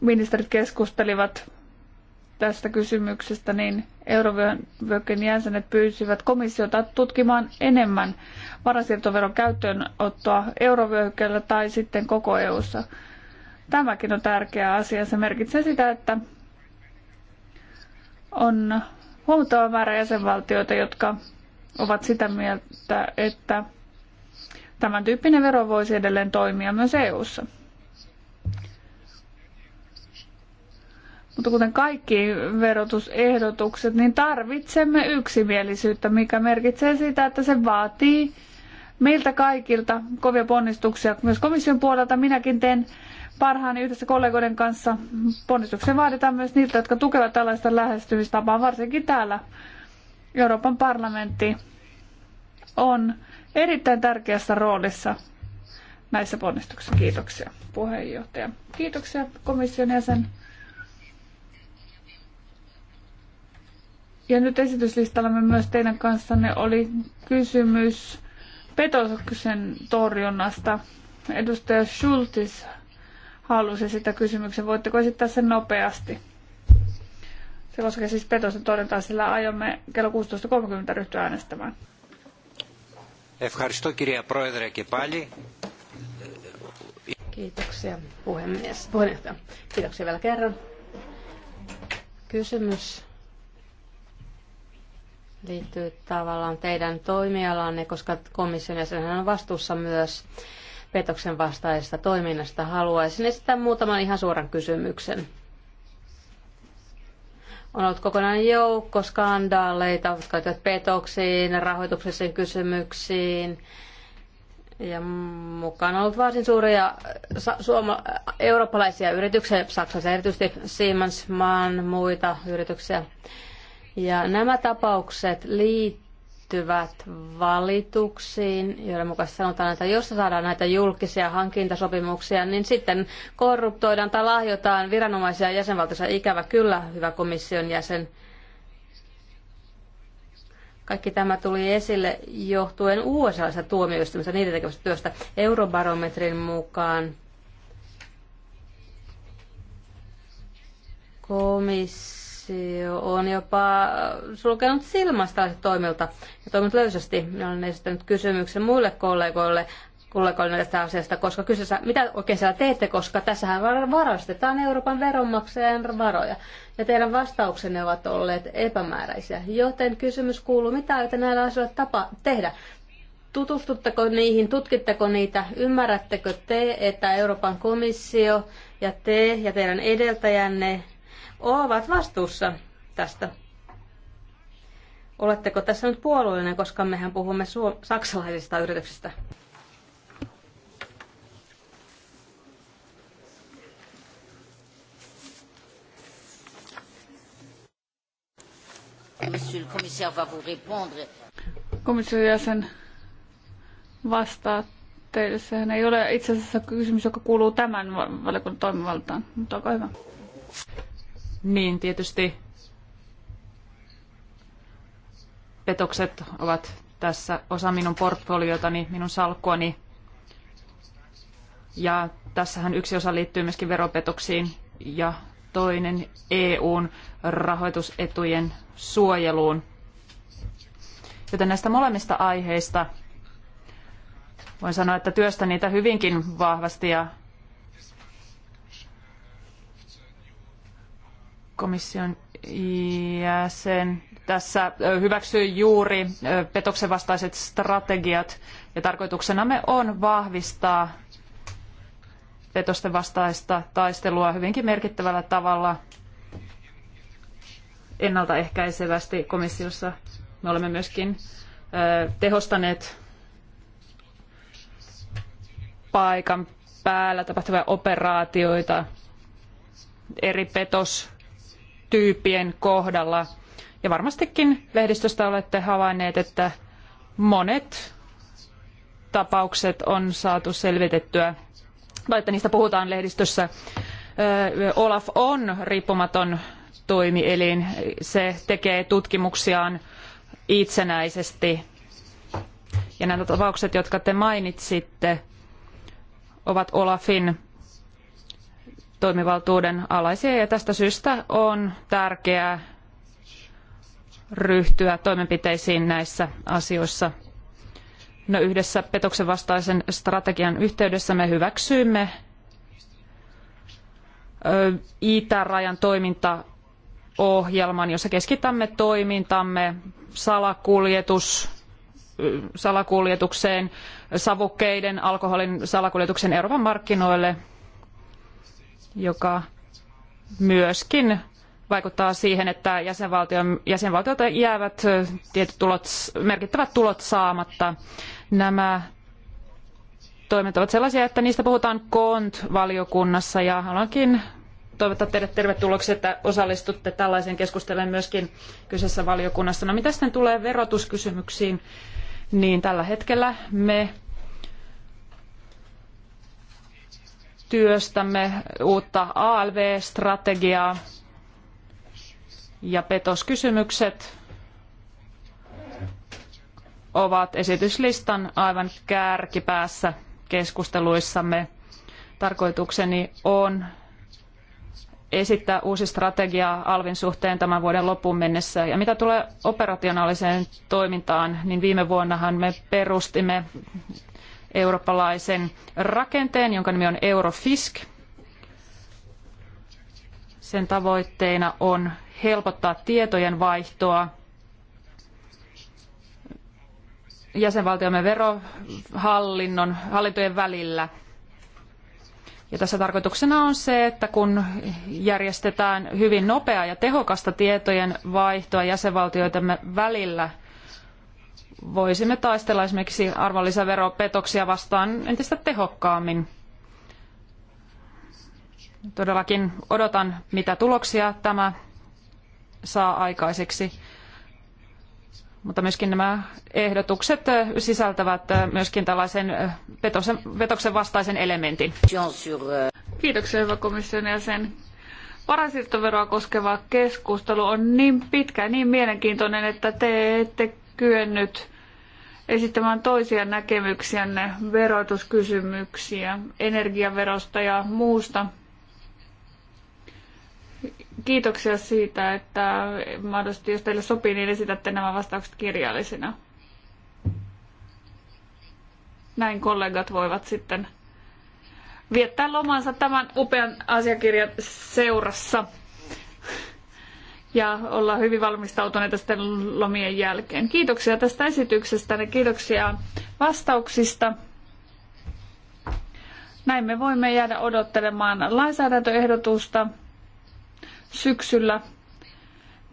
ministerit keskustelivat tästä kysymyksestä, niin eurovyöhykkeen jäsenet pyysivät komissiota tutkimaan enemmän varasiirtoveron käyttöönottoa eurovyöhykkeellä tai sitten koko EU:ssa. Tämäkin on tärkeä asia. Se merkitsee sitä, että on huomattava määrä jäsenvaltioita, jotka ovat sitä mieltä, että Tämän tyyppinen vero voisi edelleen toimia myös EU-ssa. Mutta kuten kaikki verotusehdotukset, niin tarvitsemme yksimielisyyttä, mikä merkitsee sitä, että se vaatii meiltä kaikilta kovia ponnistuksia. Myös komission puolelta minäkin teen parhaani yhdessä kollegoiden kanssa. Ponnistuksia vaaditaan myös niiltä, jotka tukevat tällaista lähestymistapaa, varsinkin täällä Euroopan parlamentti on erittäin tärkeässä roolissa näissä ponnistuksissa. Kiitoksia puheenjohtaja. Kiitoksia komission jäsen. Ja nyt esityslistallamme myös teidän kanssanne oli kysymys petoksen torjunnasta. Edustaja Schultis halusi sitä kysymyksen. Voitteko esittää sen nopeasti? Se koskee siis petosten torjuntaa, sillä aiomme kello 16.30 ryhtyä äänestämään. Ευχαριστώ κυρία Πρόεδρε και πάλι. Kiitoksia puhemies. Puheenjohtaja. Kiitoksia vielä kerran. Kysymys liittyy tavallaan teidän toimialanne, koska komission jäsenhän on vastuussa myös petoksen vastaisesta toiminnasta. Haluaisin esittää muutaman ihan suoran kysymyksen. On ollut kokonainen joukko skandaaleita, jotka liittyvät petoksiin, rahoituksellisiin kysymyksiin. Ja mukaan on ollut varsin suuria äh, suoma- eurooppalaisia yrityksiä, Saksassa erityisesti Siemens, Mann, muita yrityksiä. Ja nämä tapaukset liittyvät liittyvät valituksiin, joiden mukaan sanotaan, että jos saadaan näitä julkisia hankintasopimuksia, niin sitten korruptoidaan tai lahjotaan viranomaisia jäsenvaltioissa. Ikävä kyllä, hyvä komission jäsen. Kaikki tämä tuli esille johtuen USA tuomioistumista niiden tekemästä työstä. Eurobarometrin mukaan komissio on jopa sulkenut silmästä toimilta ja toiminut löysästi. Minä olen esittänyt kysymyksen muille kollegoille, kollegoille tästä asiasta, koska kyseessä, mitä oikein siellä teette, koska tässähän varastetaan Euroopan veronmaksajien varoja. Ja teidän vastauksenne ovat olleet epämääräisiä. Joten kysymys kuuluu, mitä aiotte näillä asioilla tapa tehdä? Tutustutteko niihin, tutkitteko niitä, ymmärrättekö te, että Euroopan komissio ja te ja teidän edeltäjänne ovat vastuussa tästä. Oletteko tässä nyt puolueellinen, koska mehän puhumme saksalaisista yrityksistä? Komission jäsen vastaa teille. Sehän ei ole itse asiassa kysymys, joka kuuluu tämän valiokunnan toimivaltaan, mutta olkaa hyvä niin tietysti petokset ovat tässä osa minun portfoliotani, minun salkkuani. Ja tässähän yksi osa liittyy myöskin veropetoksiin ja toinen EUn rahoitusetujen suojeluun. Joten näistä molemmista aiheista voin sanoa, että työstän niitä hyvinkin vahvasti ja komission jäsen tässä hyväksyi juuri petoksen vastaiset strategiat ja tarkoituksenamme on vahvistaa petosten vastaista taistelua hyvinkin merkittävällä tavalla ennaltaehkäisevästi komissiossa. Me olemme myöskin tehostaneet paikan päällä tapahtuvia operaatioita eri petos tyyppien kohdalla. Ja varmastikin lehdistöstä olette havainneet, että monet tapaukset on saatu selvitettyä, tai että niistä puhutaan lehdistössä. Olaf on riippumaton toimielin. Se tekee tutkimuksiaan itsenäisesti. Ja nämä tapaukset, jotka te mainitsitte, ovat Olafin toimivaltuuden alaisia ja tästä syystä on tärkeää ryhtyä toimenpiteisiin näissä asioissa. No, yhdessä petoksen vastaisen strategian yhteydessä me hyväksyimme itärajan toimintaohjelman, jossa keskitämme toimintamme salakuljetus, salakuljetukseen, savukkeiden, alkoholin salakuljetuksen Euroopan markkinoille – joka myöskin vaikuttaa siihen, että jäsenvaltiolta jäävät tietyt tulot, merkittävät tulot saamatta. Nämä toimet ovat sellaisia, että niistä puhutaan KONT-valiokunnassa ja haluankin toivottaa teidät tervetulleeksi, että osallistutte tällaiseen keskusteluun myöskin kyseisessä valiokunnassa. No mitä sitten tulee verotuskysymyksiin, niin tällä hetkellä me työstämme uutta ALV-strategiaa ja petoskysymykset ovat esityslistan aivan kärkipäässä keskusteluissamme. Tarkoitukseni on esittää uusi strategia Alvin suhteen tämän vuoden loppuun mennessä. Ja mitä tulee operationaaliseen toimintaan, niin viime vuonnahan me perustimme eurooppalaisen rakenteen, jonka nimi on Eurofisk. Sen tavoitteena on helpottaa tietojen vaihtoa jäsenvaltiomme verohallinnon hallintojen välillä. Ja tässä tarkoituksena on se, että kun järjestetään hyvin nopeaa ja tehokasta tietojen vaihtoa jäsenvaltioitamme välillä – voisimme taistella esimerkiksi arvonlisäveropetoksia vastaan entistä tehokkaammin. Todellakin odotan, mitä tuloksia tämä saa aikaiseksi. Mutta myöskin nämä ehdotukset sisältävät myöskin tällaisen petoksen, petoksen vastaisen elementin. Kiitoksia hyvä komission jäsen. Varasiirtoveroa koskeva keskustelu on niin pitkä ja niin mielenkiintoinen, että te ette kyennyt esittämään toisia näkemyksiänne verotuskysymyksiä energiaverosta ja muusta. Kiitoksia siitä, että mahdollisesti jos teille sopii, niin esitätte nämä vastaukset kirjallisina. Näin kollegat voivat sitten viettää lomansa tämän upean asiakirjan seurassa ja olla hyvin valmistautuneita sitten lomien jälkeen. Kiitoksia tästä esityksestä ja kiitoksia vastauksista. Näin me voimme jäädä odottelemaan lainsäädäntöehdotusta syksyllä.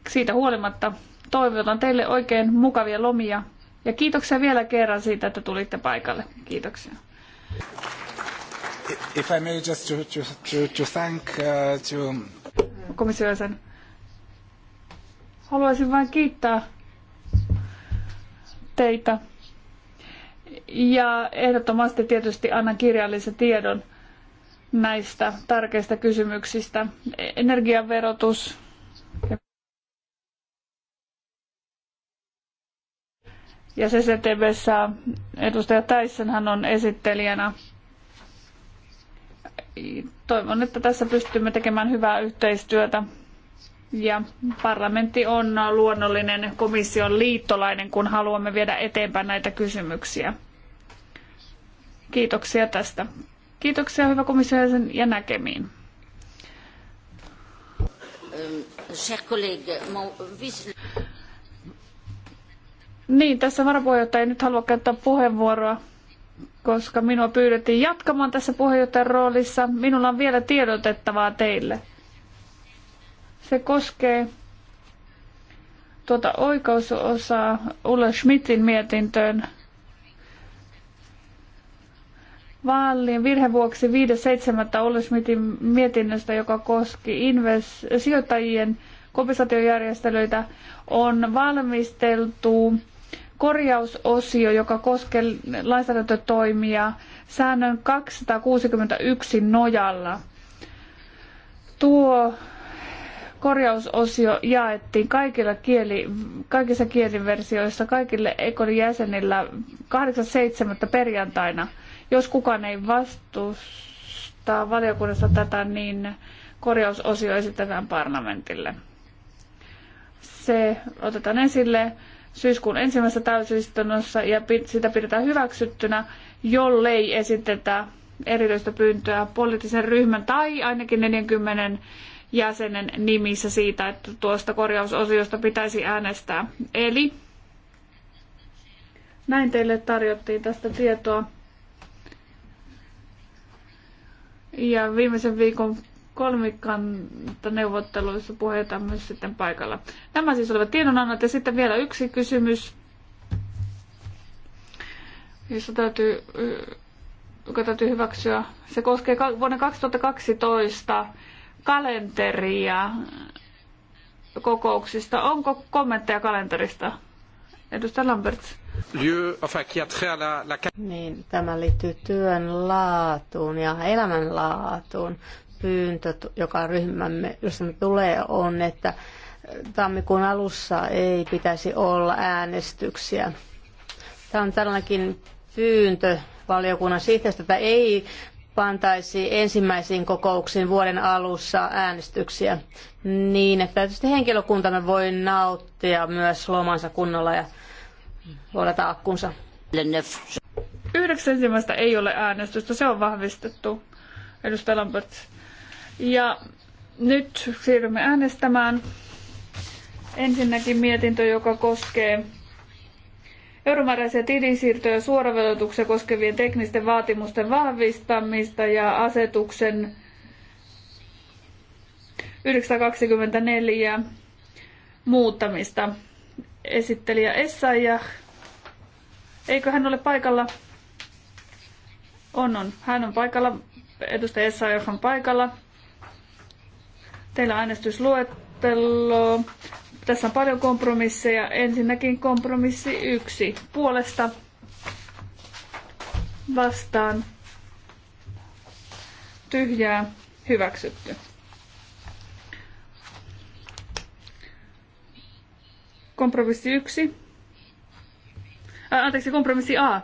Siitä huolimatta toivotan teille oikein mukavia lomia ja kiitoksia vielä kerran siitä, että tulitte paikalle. Kiitoksia. If I may just to, to, to, to thank uh, to... Komission Haluaisin vain kiittää teitä. Ja ehdottomasti tietysti annan kirjallisen tiedon näistä tärkeistä kysymyksistä. Energiaverotus. Ja CCTVssä edustaja hän on esittelijänä. Toivon, että tässä pystymme tekemään hyvää yhteistyötä ja parlamentti on luonnollinen komission liittolainen, kun haluamme viedä eteenpäin näitä kysymyksiä. Kiitoksia tästä. Kiitoksia hyvä komission jäsen ja näkemiin. Niin, tässä varapuheenjohtaja ei nyt halua käyttää puheenvuoroa, koska minua pyydettiin jatkamaan tässä puheenjohtajan roolissa. Minulla on vielä tiedotettavaa teille. Se koskee tuota oikeusosaa Ulla Schmidtin mietintöön vaalien virhevuoksi 5.7. Ulla Schmidtin mietinnöstä, joka koski invest- sijoittajien kompensaatiojärjestelyitä, on valmisteltu korjausosio, joka koskee lainsäädäntötoimia säännön 261 nojalla. Tuo korjausosio jaettiin kaikilla kieli, kaikissa kieliversioissa kaikille Ekolin jäsenillä 8.7. perjantaina. Jos kukaan ei vastusta valiokunnassa tätä, niin korjausosio esitetään parlamentille. Se otetaan esille syyskuun ensimmäisessä täysistunnossa ja sitä pidetään hyväksyttynä, jollei esitetä erityistä pyyntöä poliittisen ryhmän tai ainakin 40 jäsenen nimissä siitä, että tuosta korjausosiosta pitäisi äänestää. Eli näin teille tarjottiin tästä tietoa. Ja viimeisen viikon neuvotteluissa puheita myös sitten paikalla. Nämä siis olivat tiedonannot ja sitten vielä yksi kysymys, jossa täytyy, joka täytyy hyväksyä. Se koskee vuonna 2012 kalenteria kokouksista. Onko kommentteja kalenterista? Edustaja Lamberts. Niin, tämä liittyy työn laatuun ja elämän laatuun. Pyyntö, joka ryhmämme, jossa me tulee, on, että tammikuun alussa ei pitäisi olla äänestyksiä. Tämä on tällainenkin pyyntö valiokunnan sihteeristä, että ei pantaisi ensimmäisiin kokouksiin vuoden alussa äänestyksiä niin, että tietysti henkilökuntamme voi nauttia myös lomansa kunnolla ja luodata akkunsa. 9.1. ei ole äänestystä, se on vahvistettu, edustaja Lambert. Ja nyt siirrymme äänestämään. Ensinnäkin mietintö, joka koskee euromääräisiä tilisiirtoja suoravelotuksia koskevien teknisten vaatimusten vahvistamista ja asetuksen 924 muuttamista. Esittelijä Essayah. Eikö hän ole paikalla? On, on. Hän on paikalla. Edustaja Essayah on paikalla. Teillä on äänestysluettelo. Tässä on paljon kompromisseja. Ensinnäkin kompromissi yksi puolesta vastaan tyhjää hyväksytty. Kompromissi yksi. Ää, anteeksi, kompromissi A.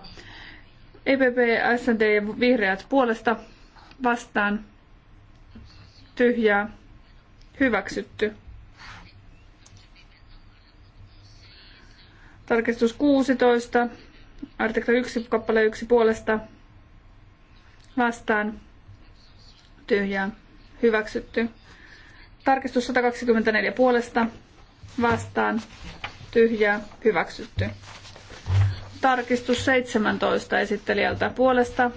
EPP, SND ja vihreät puolesta vastaan tyhjää hyväksytty. Tarkistus 16, artikla 1, kappale 1 puolesta vastaan tyhjää hyväksytty. Tarkistus 124 puolesta vastaan tyhjää hyväksytty. Tarkistus 17 esittelijältä puolesta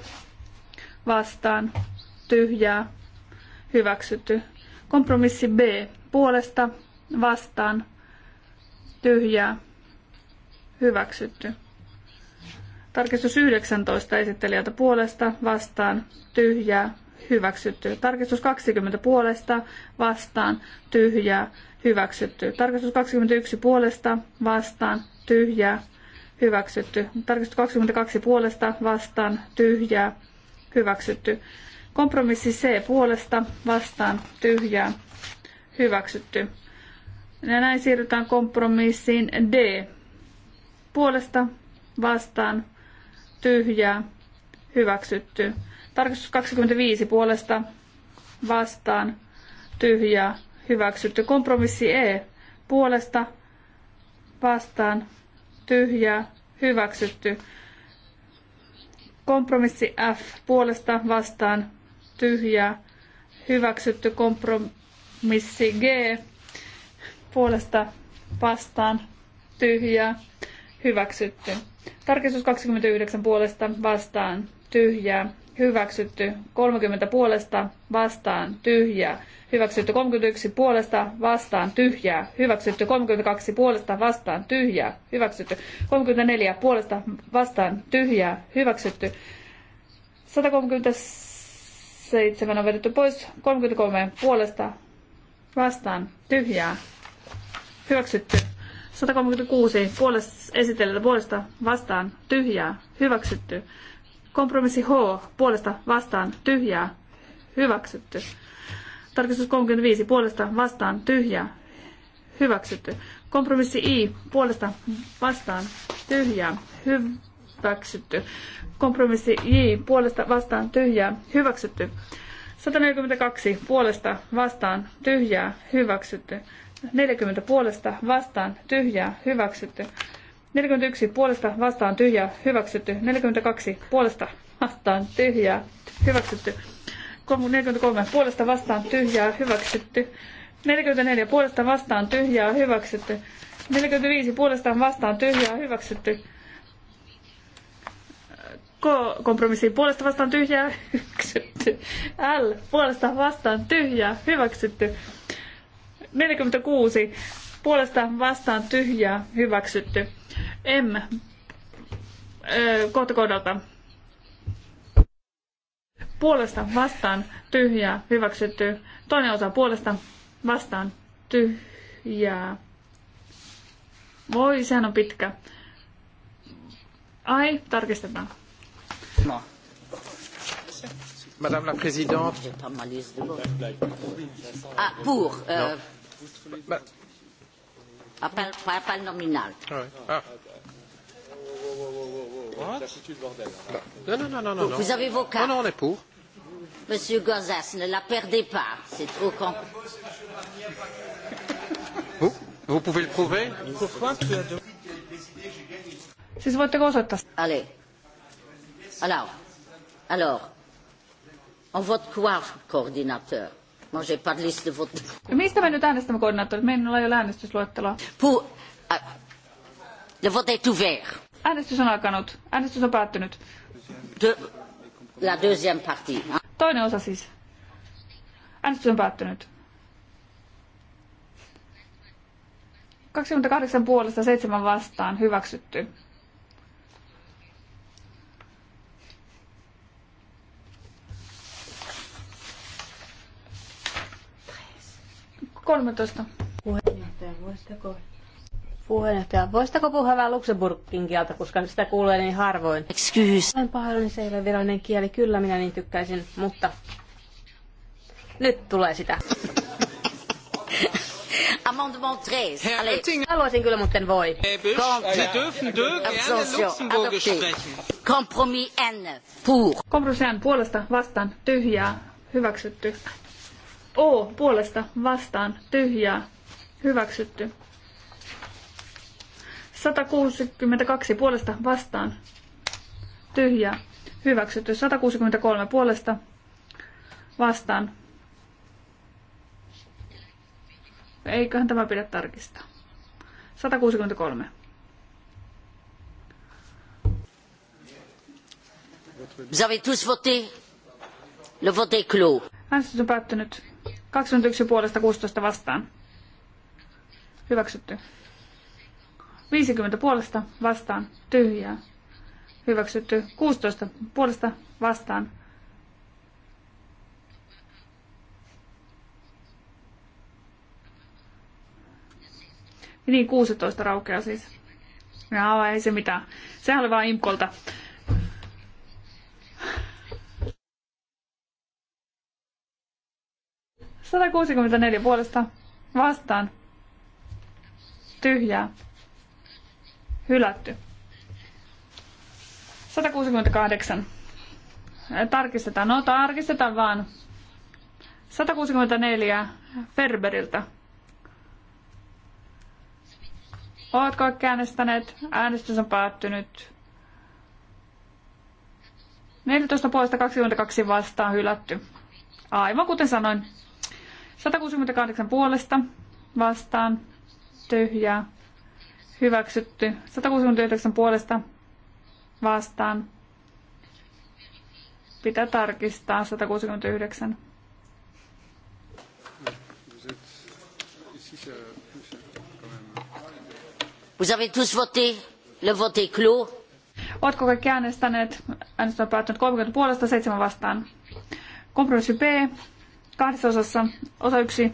vastaan tyhjää hyväksytty. Kompromissi B puolesta vastaan tyhjää Hyväksytty. Tarkistus 19 esittelijältä puolesta vastaan tyhjää hyväksytty. Tarkistus 20 puolesta vastaan tyhjää hyväksytty. Tarkistus 21 puolesta vastaan tyhjää hyväksytty. Tarkistus 22 puolesta vastaan tyhjää hyväksytty. Kompromissi C puolesta vastaan tyhjää hyväksytty. Ja näin siirrytään kompromissiin D puolesta vastaan tyhjää hyväksytty. Tarkistus 25 puolesta vastaan tyhjää hyväksytty. Kompromissi E puolesta vastaan tyhjää hyväksytty. Kompromissi F puolesta vastaan tyhjää hyväksytty. Kompromissi G puolesta vastaan tyhjää hyväksytty. Tarkistus 29 puolesta vastaan tyhjää, hyväksytty 30 puolesta vastaan tyhjää, hyväksytty 31 puolesta vastaan tyhjää, hyväksytty 32 puolesta vastaan tyhjää, hyväksytty 34 puolesta vastaan tyhjää, hyväksytty 137 on vedetty pois, 33 puolesta vastaan tyhjää, hyväksytty 136 puolesta, esitellä puolesta vastaan tyhjää hyväksytty. Kompromissi H puolesta vastaan tyhjää hyväksytty. Tarkistus 35 puolesta vastaan tyhjää hyväksytty. Kompromissi I puolesta vastaan tyhjää hyväksytty. Kompromissi J puolesta vastaan tyhjää hyväksytty. 142 puolesta vastaan tyhjää hyväksytty. 40 puolesta vastaan tyhjää hyväksytty. 41 puolesta vastaan tyhjää hyväksytty. 42 puolesta vastaan tyhjää hyväksytty. 43 puolesta vastaan tyhjää hyväksytty. 44 puolesta vastaan tyhjää hyväksytty. 45 puolesta vastaan tyhjää hyväksytty. K kompromissi puolesta vastaan tyhjää *laughs* hyväksytty. L puolesta vastaan tyhjää hyväksytty. 46 puolesta vastaan tyhjää hyväksytty. M. Öö, kohta kohdalta. Puolesta vastaan tyhjää hyväksytty. Toinen osa puolesta vastaan tyhjää. Voi, sehän on pitkä. Ai, tarkistetaan. No. Madame la Présidente. Ah, pour. Euh... Appel, ah, appel nominal. Ah, ouais. Ah. Non, non, non, non, non. Vous avez vos cartes. Non, non, on est pour. Monsieur Gozas, ne la perdez pas. C'est trop con. Vous, vous pouvez le prouver Pourquoi tu as deux Siis voitteko osoittaa? Allez. Alors. Alors. On vote quoi, coordinateur No j'ai pas de liste de vote. Mistä me nyt äänestämme koordinaattorit? Meillä ei ole äänestysluetteloa. Pour, uh, le vote est ouvert. Äänestys on alkanut. Äänestys on päättynyt. De, la deuxième partie. Toinen osa siis. Äänestys on päättynyt. 28 puolesta 7 vastaan hyväksytty. 13. Puheenjohtaja, voisitko? puheenjohtaja. Voisitko puhua vähän Luxemburgin kieltä, koska sitä kuulee niin harvoin? Excuse. Olen pahoillani, niin se ei ole virallinen kieli. Kyllä minä niin tykkäisin, mutta nyt tulee sitä. *laughs* Amendement 13. Allez. Haluaisin kyllä, mutta en voi. Sie äh, dürfen sprechen. Kompromis N. Pour. Kompromis N puolesta vastaan. Tyhjää. Hyväksytty. O puolesta vastaan tyhjää hyväksytty. 162 puolesta vastaan tyhjää hyväksytty. 163 puolesta vastaan. Eiköhän tämä pidä tarkistaa. 163. Vous avez tous voté? Le vote est clos. Äänestys on päättynyt. 21 puolesta 16 vastaan. Hyväksytty. 50 puolesta vastaan. Tyhjää. Hyväksytty. 16 puolesta vastaan. Niin, 16 raukeaa siis. Jaa, ei se mitään. Sehän oli vaan Imkolta. 164 puolesta vastaan. Tyhjää. Hylätty. 168. Tarkistetaan. No, tarkistetaan vaan. 164 Ferberiltä. Oletko kaikki äänestäneet? Äänestys on päättynyt. 14 puolesta 22 vastaan hylätty. Aivan kuten sanoin, 168 puolesta vastaan tyhjää hyväksytty. 169 puolesta vastaan pitää tarkistaa 169. Vous avez tous voté? Le vote est clos. Oletko kaikki äänestäneet? Äänestys on päättynyt 30 puolesta, 7 vastaan. Kompromissi B Kahdessa osassa osa yksi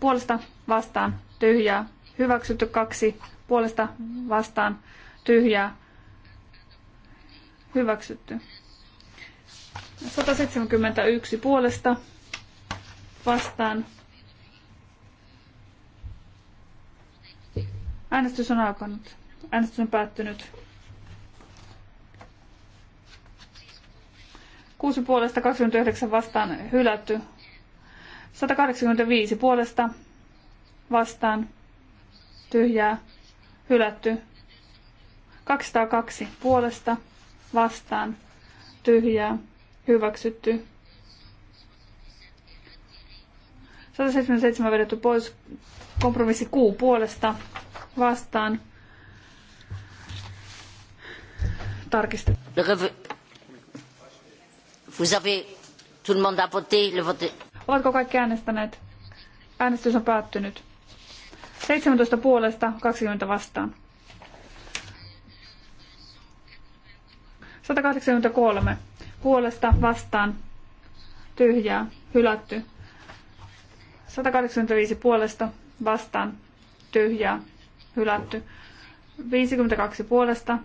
puolesta vastaan tyhjää, hyväksytty kaksi puolesta vastaan tyhjää, hyväksytty. 171 puolesta vastaan. Äänestys on alkanut. Äänestys on päättynyt. Kuusi puolesta 29 vastaan hylätty. 185 puolesta vastaan tyhjää hylätty. 202 puolesta vastaan tyhjää hyväksytty. 177 vedetty pois. Kompromissi Q puolesta vastaan. Tarkistettu. Vous avez tout le monde a voté, le vote Ovatko kaikki äänestäneet? Äänestys on päättynyt. 17 puolesta, 20 vastaan. 183 puolesta vastaan tyhjää, hylätty. 185 puolesta vastaan tyhjää, hylätty. 52 puolesta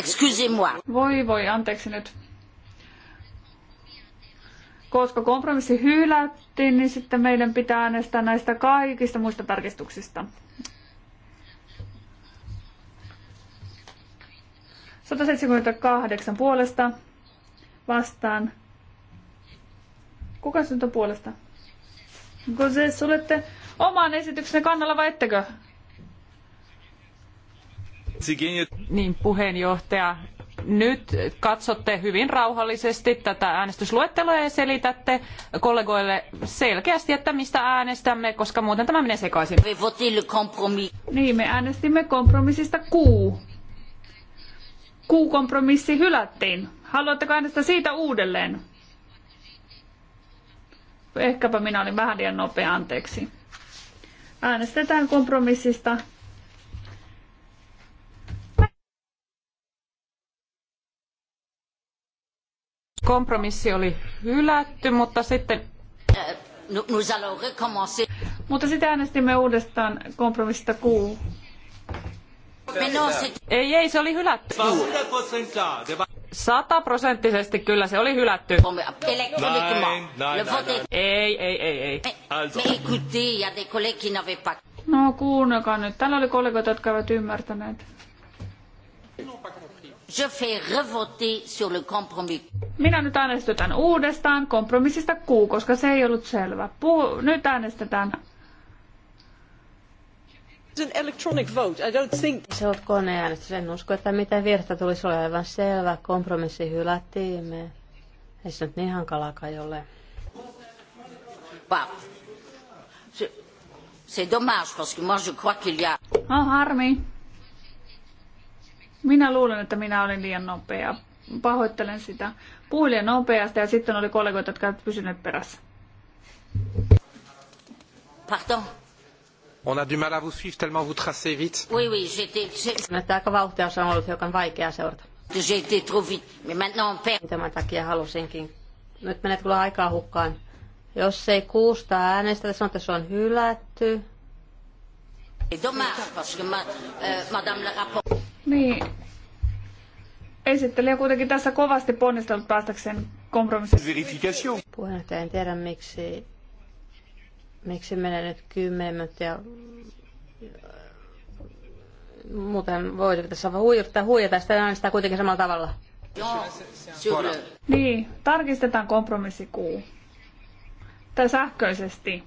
Excusez-moi. Voi voi, anteeksi nyt. Koska kompromissi hylättiin, niin sitten meidän pitää äänestää näistä kaikista muista tarkistuksista. 178 puolesta vastaan. Kuka sinut on puolesta? Kun se olette oman esityksenne kannalla vai ettekö? Niin, puheenjohtaja, nyt katsotte hyvin rauhallisesti tätä äänestysluetteloa ja selitätte kollegoille selkeästi, että mistä äänestämme, koska muuten tämä menee sekaisin. Niin, me äänestimme kompromissista kuu. Kuu-kompromissi hylättiin. Haluatteko äänestää siitä uudelleen? Ehkäpä minä olin vähän liian nopea, anteeksi. Äänestetään kompromissista kompromissi oli hylätty, mutta sitten... Eh, mutta sitä äänestimme uudestaan kompromissista Q. Ei, ei, se oli hylätty. Sataprosenttisesti kyllä se oli hylätty. ei, ei, ei, ei. No kuunnelkaa nyt. Täällä oli kollegoita, jotka eivät ymmärtäneet. Je fais revoter sur le compromis. Minä nyt äänestytän uudestaan kompromissista Q, koska se ei ollut selvä. Puu, nyt äänestetään. An electronic vote. I don't think... Se on koneäänestys. En usko, että mitä virta tulisi olla aivan selvä. Kompromissi hylättiin. Me... Ei se nyt niin hankalaa kai ole. Wow. C'est dommage, parce que moi je crois qu'il y a... Oh, harmi. Minä luulen, että minä olin liian nopea. Pahoittelen sitä. Puhuin liian nopeasti ja sitten oli kollegoita, jotka eivät pysyneet perässä. Pardon. On a du mal à vous suivre tellement vous tracez vite. Oui, oui, j'étais... Näyttää aika vauhtia, se on ollut hiukan vaikea seurata. J'étais trop vite, mais maintenant on perd. Tämän takia halusinkin. Nyt menet kyllä aikaa hukkaan. Jos ei kuusta äänestä, sanotaan, että se on hylätty. Dommage, parce que ma, euh, madame la rapport... Niin. Esittelijä kuitenkin tässä kovasti ponnistanut päästäkseen kompromissiin. Puheenjohtaja, en tiedä miksi, miksi menee nyt kymmenen minuuttia muuten voi tässä huijata, huijata sitä äänestää kuitenkin samalla tavalla. Joo, Niin, tarkistetaan kompromissi kuu. Tai sähköisesti.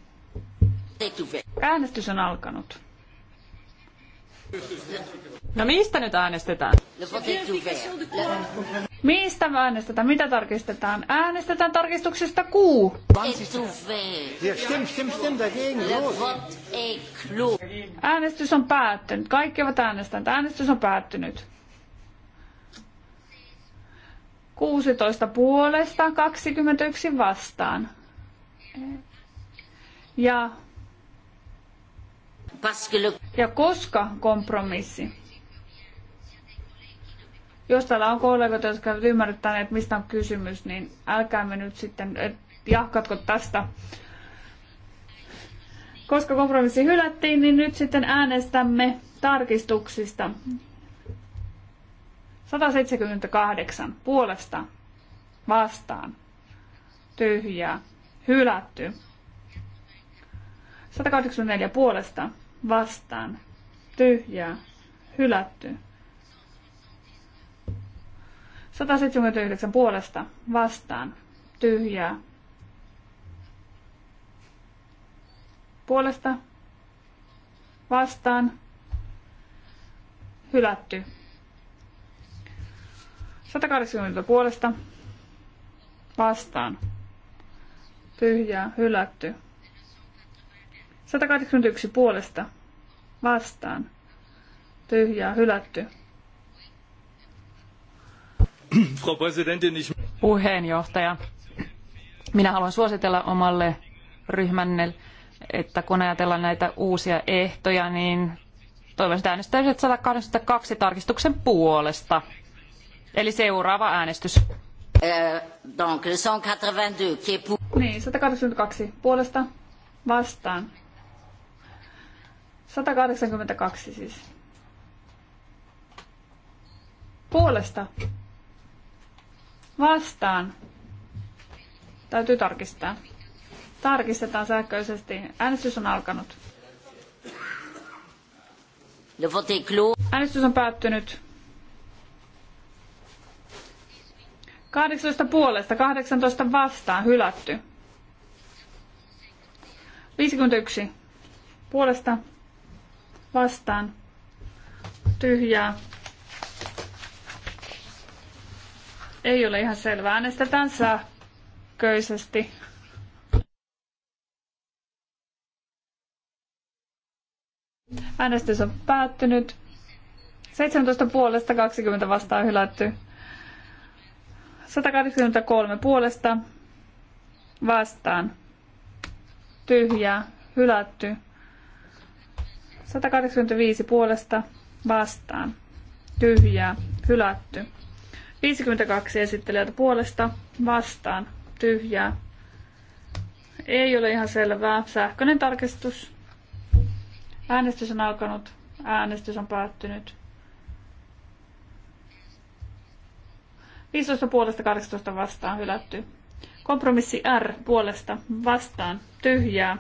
Äänestys on alkanut. No mistä nyt äänestetään? Mistä me äänestetään? Mitä tarkistetaan? Äänestetään tarkistuksesta kuu. Äänestys on päättynyt. Kaikki ovat äänestäneet. Äänestys on päättynyt. 16 puolesta, 21 vastaan. Ja ja koska kompromissi? Jos täällä on kollegoita, jotka ovat ymmärtäneet, mistä on kysymys, niin älkäämme nyt sitten jahkatko tästä. Koska kompromissi hylättiin, niin nyt sitten äänestämme tarkistuksista. 178 puolesta vastaan. Tyhjää. Hylätty. 184 puolesta vastaan, tyhjää, hylätty. 179 puolesta vastaan, tyhjää, puolesta vastaan, hylätty. 180 puolesta vastaan, tyhjää, hylätty. 181 puolesta vastaan. Tyhjää hylätty. Frau Präsidentin, ich... Puheenjohtaja, minä haluan suositella omalle ryhmänne, että kun ajatellaan näitä uusia ehtoja, niin toivon, että äänestäisit 182 tarkistuksen puolesta. Eli seuraava äänestys. Euh, niin, 182 puolesta vastaan 182 siis. Puolesta. Vastaan. Täytyy tarkistaa. Tarkistetaan sähköisesti. Äänestys on alkanut. Äänestys on päättynyt. 18 puolesta, 18 vastaan, hylätty. 51 puolesta vastaan tyhjää. Ei ole ihan selvää. Äänestetään sähköisesti. Äänestys on päättynyt. 17 puolesta 20 vastaan hylätty. 183 puolesta vastaan. Tyhjää, hylätty. 185 puolesta vastaan. Tyhjää. Hylätty. 52 esittelijältä puolesta vastaan. Tyhjää. Ei ole ihan selvää. Sähköinen tarkistus. Äänestys on alkanut. Äänestys on päättynyt. 15 puolesta 18 vastaan hylätty. Kompromissi R puolesta vastaan tyhjää.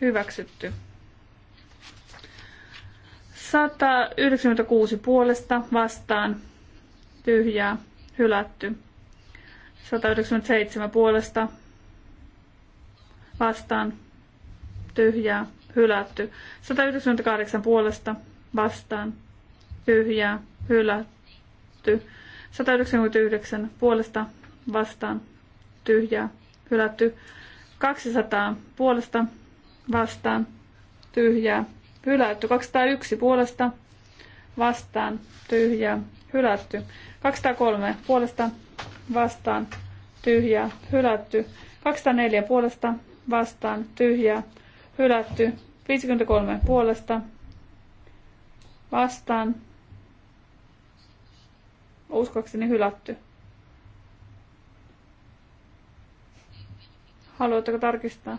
Hyväksytty. 196 puolesta vastaan tyhjää hylätty. 197 puolesta vastaan tyhjää hylätty. 198 puolesta vastaan tyhjää hylätty. 199 puolesta vastaan tyhjää hylätty. 200 puolesta vastaan tyhjää Hylätty 201 puolesta vastaan tyhjää. Hylätty 203 puolesta vastaan tyhjää. Hylätty 204 puolesta vastaan tyhjää. Hylätty 53 puolesta vastaan. uskokseni hylätty. Haluatteko tarkistaa?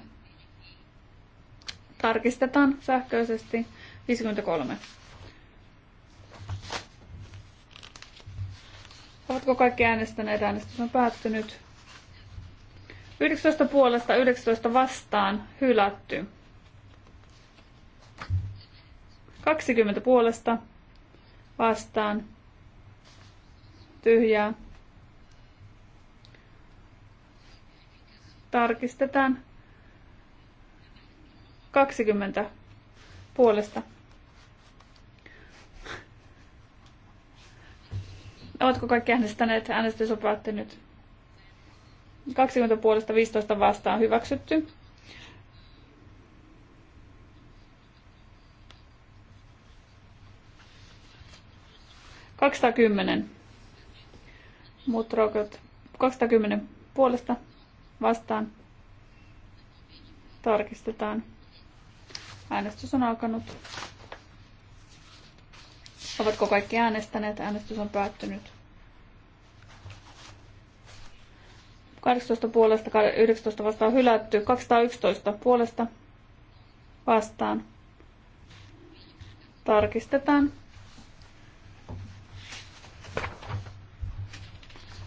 Tarkistetaan sähköisesti 53. Ovatko kaikki äänestäneet? Äänestys on päättynyt. 19 puolesta 19 vastaan hylätty. 20 puolesta vastaan tyhjää. Tarkistetaan 20 puolesta. Oletko kaikki äänestäneet? äänestysopaatte nyt? 20 puolesta 15 vastaan hyväksytty. kymmenen Muut rokotet. 210 puolesta vastaan. Tarkistetaan. Äänestys on alkanut. Ovatko kaikki äänestäneet? Äänestys on päättynyt. 18 puolesta, 19 vastaan hylätty, 211 puolesta vastaan. Tarkistetaan.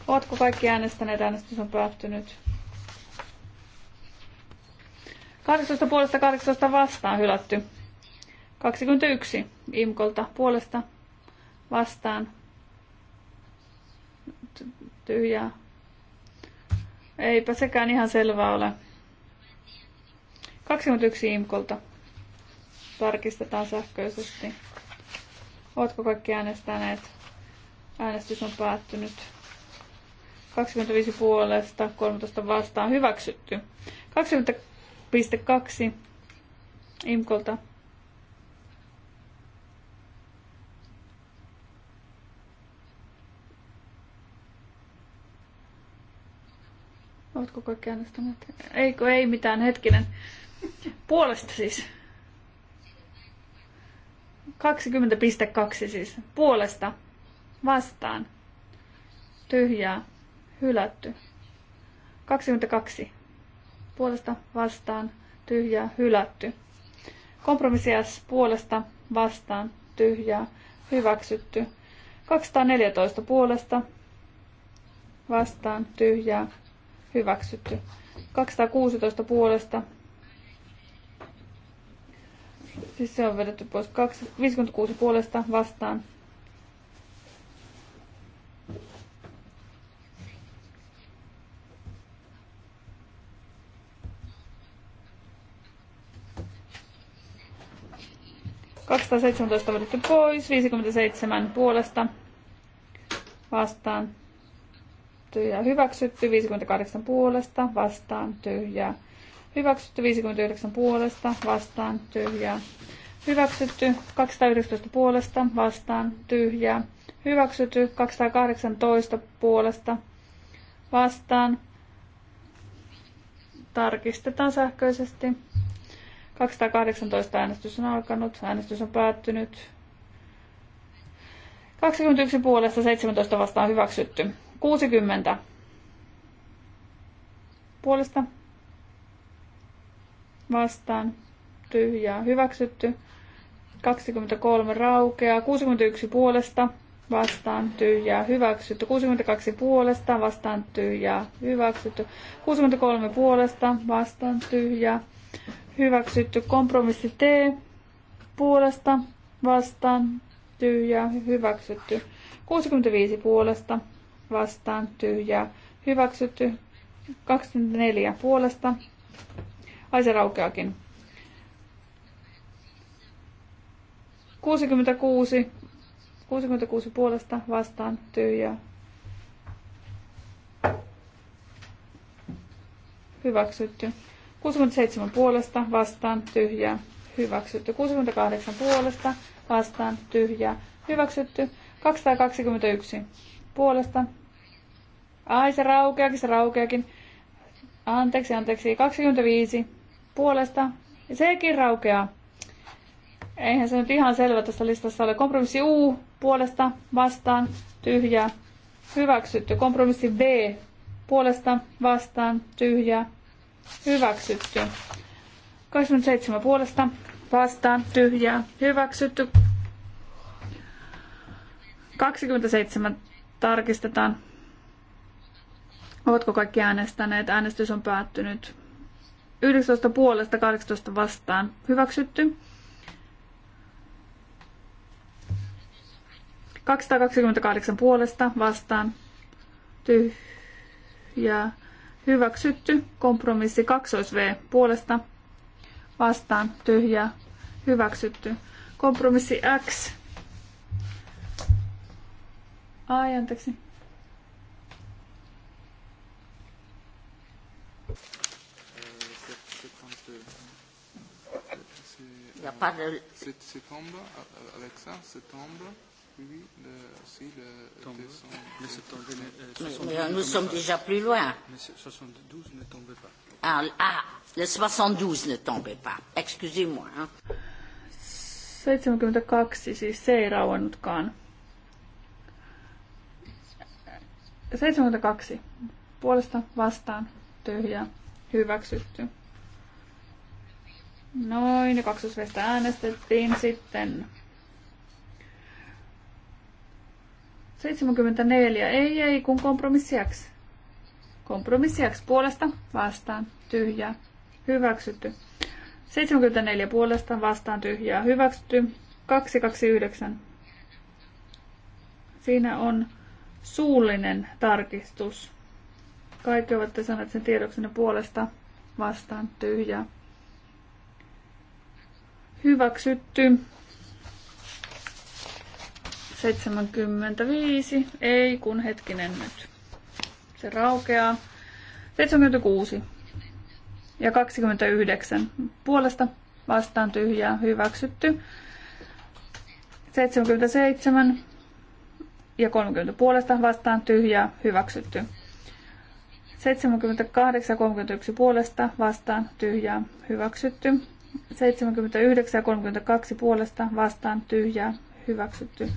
Ovatko kaikki äänestäneet? Äänestys on päättynyt. 18 puolesta 18 vastaan hylätty. 21 Imkolta puolesta vastaan. Tyhjää. Eipä sekään ihan selvää ole. 21 Imkolta. Tarkistetaan sähköisesti. Ootko kaikki äänestäneet? Äänestys on päättynyt. 25 puolesta, 13 vastaan hyväksytty. 20... Piste kaksi Imkolta. Ootko kaikki äänestänyt? Eikö, ei mitään, hetkinen. Puolesta siis. 20.2 siis. Puolesta. Vastaan. Tyhjää. Hylätty. 22 puolesta vastaan tyhjää hylätty. Kompromissi S puolesta vastaan tyhjää hyväksytty. 214 puolesta vastaan tyhjää hyväksytty. 216 puolesta Siis se on vedetty pois. 2, 56 puolesta vastaan 217 vedetty pois, 57 puolesta vastaan tyhjää hyväksytty, 58 puolesta vastaan tyhjää hyväksytty, 59 puolesta vastaan tyhjää hyväksytty, 219 puolesta vastaan tyhjää hyväksytty, 218 puolesta vastaan tarkistetaan sähköisesti. 218 äänestys on alkanut, äänestys on päättynyt. 21 puolesta 17 vastaan hyväksytty. 60 puolesta vastaan tyhjää hyväksytty. 23 raukeaa. 61 puolesta vastaan tyhjää hyväksytty. 62 puolesta vastaan tyhjää hyväksytty. 63 puolesta vastaan tyhjää Hyväksytty kompromissi T puolesta vastaan tyhjää. Hyväksytty 65 puolesta vastaan tyhjää. Hyväksytty 24 puolesta. Ai se raukeakin. 66, 66 puolesta vastaan tyhjää. Hyväksytty. 67 puolesta vastaan tyhjä hyväksytty. 68 puolesta vastaan tyhjä hyväksytty. 221 puolesta. Ai se raukeakin, se raukeakin. Anteeksi, anteeksi. 25 puolesta. Sekin raukeaa. Eihän se nyt ihan selvä tässä listassa ole. Kompromissi U puolesta vastaan tyhjä hyväksytty. Kompromissi B puolesta vastaan tyhjä. Hyväksytty. 27 puolesta vastaan tyhjää. Hyväksytty. 27 tarkistetaan. Ovatko kaikki äänestäneet? Äänestys on päättynyt. 19 puolesta 18 vastaan. Hyväksytty. 228 puolesta vastaan. Tyhjää. Hyväksytty. Kompromissi 2 V puolesta vastaan tyhjää. Hyväksytty. Kompromissi X. Ai, anteeksi. Il n'y a pas de... C'est tombe, Alexa, c'est tombe mais, euh, euh, Nous sommes déjà plus loin. Mais 72 ne tombait pas. Ah, ah, le 72 ne tombait pas. Excusez-moi. Hein. 72 siis se ei rauennutkaan. 72. Puolesta vastaan tyhjä hyväksytty. Noin, ja kaksosvestä äänestettiin sitten 74. Ei, ei, kun kompromissiaksi. Kompromissiaksi puolesta vastaan tyhjää. Hyväksytty. 74 puolesta vastaan tyhjää. Hyväksytty. 229. Siinä on suullinen tarkistus. Kaikki ovat te sanat sen tiedoksenne puolesta vastaan tyhjää. Hyväksytty. 75. Ei, kun hetkinen nyt. Se raukeaa. 76. Ja 29. Puolesta vastaan tyhjää hyväksytty. 77 ja 30 puolesta vastaan tyhjää hyväksytty. 78 ja 31 puolesta vastaan tyhjää hyväksytty. 79 ja 32 puolesta vastaan tyhjää hyväksytty.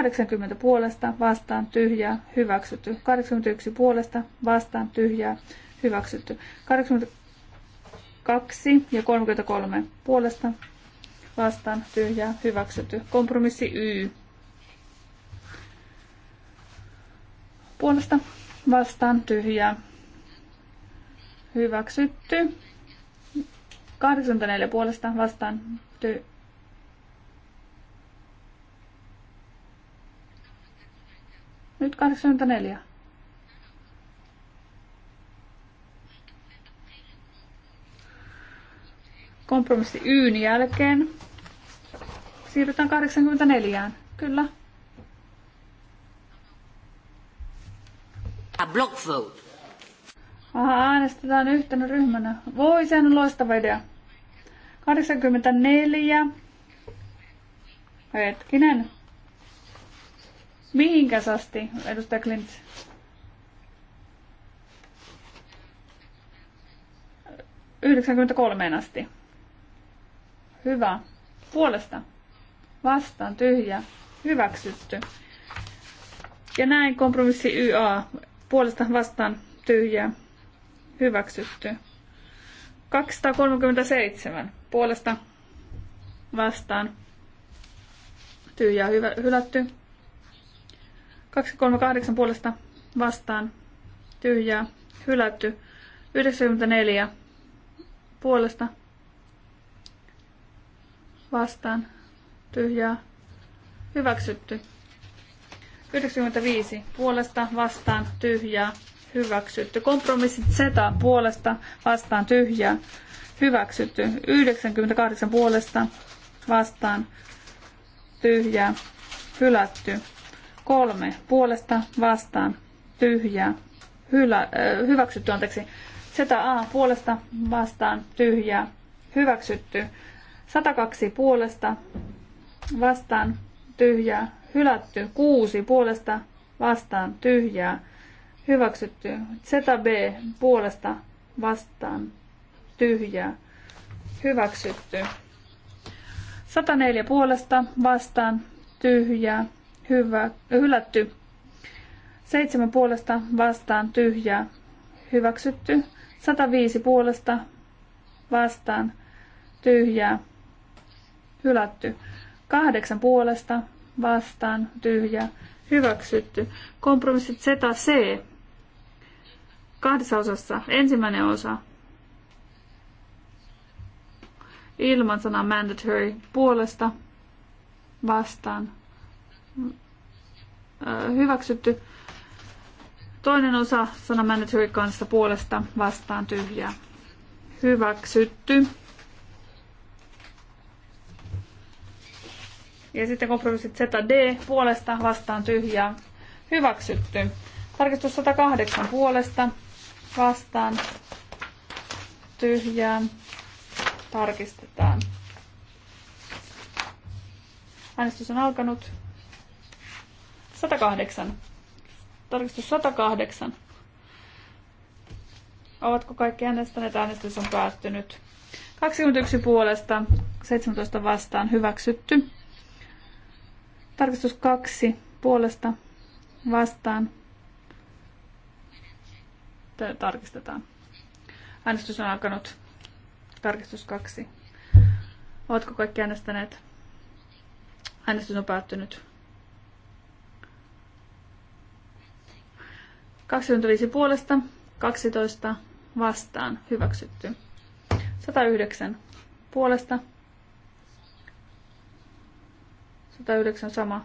80 puolesta vastaan tyhjää hyväksytty. 81 puolesta vastaan tyhjää hyväksytty. 82 ja 33 puolesta vastaan tyhjää hyväksytty. Kompromissi Y puolesta vastaan tyhjää hyväksytty. 84 puolesta vastaan ty- Nyt 84. Kompromissi Yn jälkeen. Siirrytään 84. Kyllä. A block vote. Aha, äänestetään yhtenä ryhmänä. Voi, sehän on loistava idea. 84. Hetkinen. Mihinkäs asti, edustaja Klint? kolmeen asti. Hyvä. Puolesta. Vastaan tyhjä. Hyväksytty. Ja näin kompromissi YA. Puolesta vastaan tyhjä. Hyväksytty. 237. Puolesta vastaan tyhjä hyvä, hylätty. 238 puolesta vastaan tyhjää hylätty. 94 puolesta vastaan tyhjää hyväksytty. 95 puolesta vastaan tyhjää hyväksytty. Kompromissit Z puolesta vastaan tyhjää hyväksytty. 98 puolesta vastaan tyhjää hylätty. Kolme puolesta vastaan tyhjää. Hylä, äh, hyväksytty anteeksi. a puolesta vastaan tyhjää. Hyväksytty. 102 puolesta vastaan tyhjää. Hylätty. 6 puolesta vastaan tyhjää. Hyväksytty. b puolesta vastaan tyhjää. Hyväksytty. 104 puolesta vastaan tyhjää hyvä, hylätty. Seitsemän puolesta vastaan tyhjää hyväksytty. 105 puolesta vastaan tyhjää hylätty. Kahdeksan puolesta vastaan tyhjää hyväksytty. Kompromissit ZC kahdessa osassa. Ensimmäinen osa ilman sanaa mandatory puolesta vastaan Äh, hyväksytty. Toinen osa sana mandatory kanssa puolesta vastaan tyhjää. Hyväksytty. Ja sitten kompromissit ZD puolesta vastaan tyhjää. Hyväksytty. Tarkistus 108 puolesta vastaan tyhjää. Tarkistetaan. Äänestys on alkanut. 108. Tarkistus 108. Ovatko kaikki äänestäneet? Äänestys on päättynyt. 21 puolesta, 17 vastaan hyväksytty. Tarkistus 2 puolesta vastaan. Tarkistetaan. Äänestys on alkanut. Tarkistus 2. Ovatko kaikki äänestäneet? Äänestys on päättynyt. 25 puolesta, 12 vastaan, hyväksytty. 109 puolesta, 109 sama.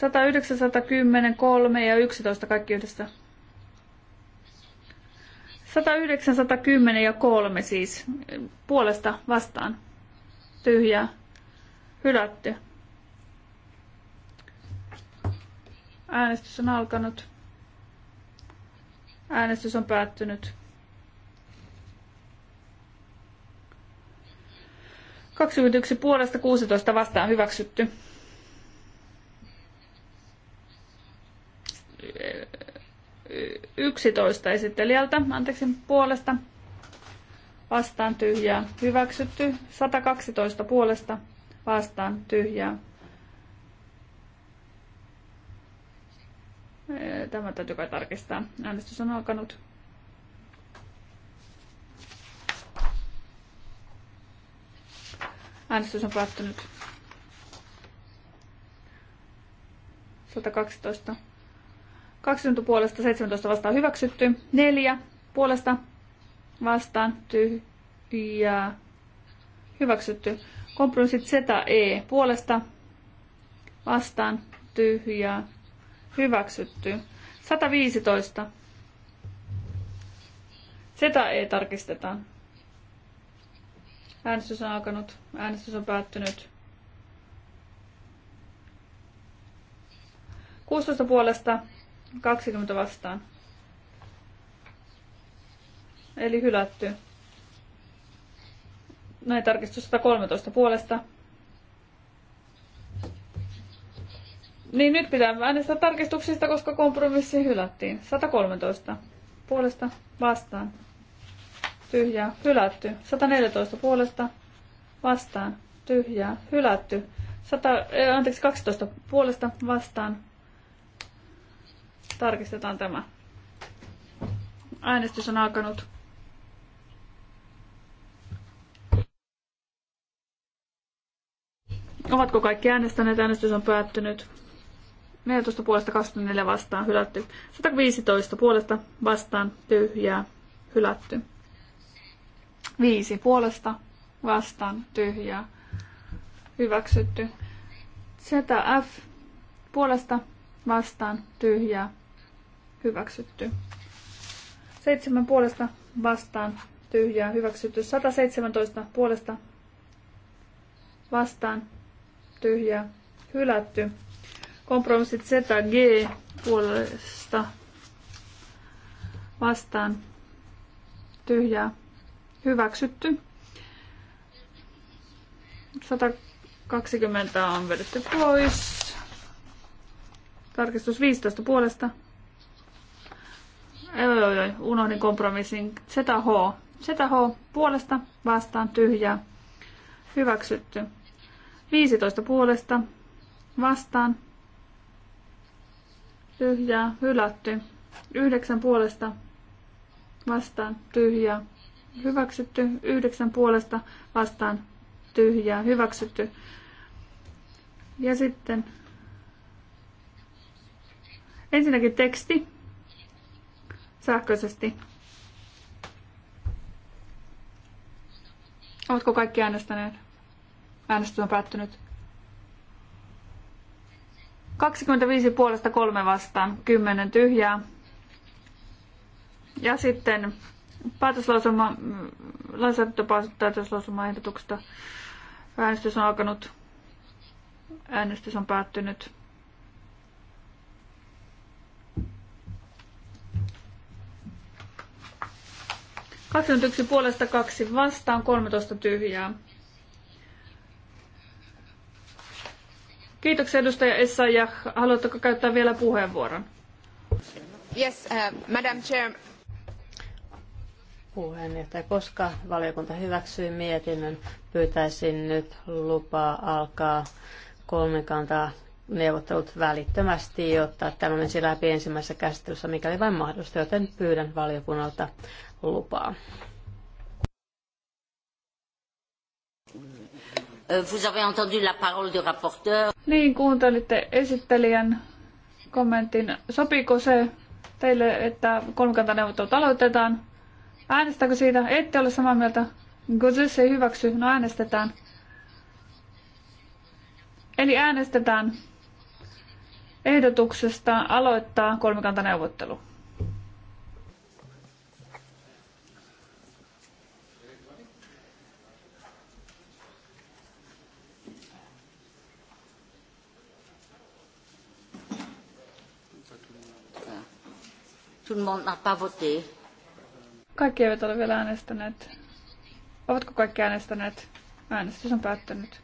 109, 110, 3 ja 11 kaikki yhdessä. 109, 110 ja 3 siis puolesta vastaan. Tyhjää. Hylätty. Äänestys on alkanut. Äänestys on päättynyt. 21 puolesta 16 vastaan hyväksytty. toista esittelijältä, anteeksi, puolesta. Vastaan tyhjää. Hyväksytty. 112 puolesta. Vastaan tyhjää. Tämä täytyy kai tarkistaa. Äänestys on alkanut. Äänestys on päättynyt. 112. 20 puolesta 17 vastaan hyväksytty. 4 puolesta vastaan tyhjä hyväksytty. Kompromissit ZE puolesta vastaan tyhjää Hyväksytty. 115. Seta ei tarkisteta. Äänestys on alkanut. Äänestys on päättynyt. 16 puolesta 20 vastaan. Eli hylätty. Näin tarkistus 113 puolesta Niin nyt pitää äänestää tarkistuksista, koska kompromissi hylättiin. 113 puolesta vastaan. Tyhjää, hylätty. 114 puolesta vastaan. Tyhjää, hylätty. 100, eh, anteeksi, 12 puolesta vastaan. Tarkistetaan tämä. Äänestys on alkanut. Ovatko kaikki äänestäneet? Äänestys on päättynyt. 14 puolesta 24 vastaan hylätty. 115 puolesta vastaan tyhjää hylätty. 5 puolesta vastaan tyhjää hyväksytty. ZF puolesta vastaan tyhjää hyväksytty. 7 puolesta vastaan tyhjää hyväksytty. 117 puolesta vastaan tyhjää hylätty. Kompromissit ZG puolesta vastaan tyhjää hyväksytty. 120 on vedetty pois. Tarkistus 15 puolesta. Oi, oi, oi, unohdin kompromissin. ZH. ZH puolesta vastaan tyhjää. Hyväksytty. 15 puolesta vastaan tyhjää, hylätty. Yhdeksän puolesta vastaan, tyhjää, hyväksytty. Yhdeksän puolesta vastaan, tyhjää, hyväksytty. Ja sitten ensinnäkin teksti sähköisesti. Oletko kaikki äänestäneet? Äänestys on päättynyt. 25 puolesta kolme vastaan, 10 tyhjää. Ja sitten päätöslausuma, mm, lainsäädäntöpäätöslausumaehdotuksesta äänestys on alkanut. Äänestys on päättynyt. yksi puolesta kaksi vastaan, 13 tyhjää. Kiitoksia edustaja Essa haluatteko käyttää vielä puheenvuoron? Yes, uh, Madam Chair. Puheenjohtaja, koska valiokunta hyväksyi mietinnön, pyytäisin nyt lupaa alkaa kolmikantaa neuvottelut välittömästi, jotta tämä menisi läpi ensimmäisessä käsittelyssä, mikäli vain mahdollista, joten pyydän valiokunnalta lupaa. Euh, vous avez entendu la parole du rapporteur. Niin, kuuntelitte esittelijän kommentin. Sopiiko se teille, että kolmikantaneuvottelut aloitetaan? Äänestäkö siitä? Ette ole samaa mieltä. Gozes ei hyväksy. No äänestetään. Eli äänestetään ehdotuksesta aloittaa kolmikantaneuvottelu. Tout le monde Kaikki eivät ole vielä äänestäneet. Ovatko kaikki äänestäneet? Äänestys on päättynyt.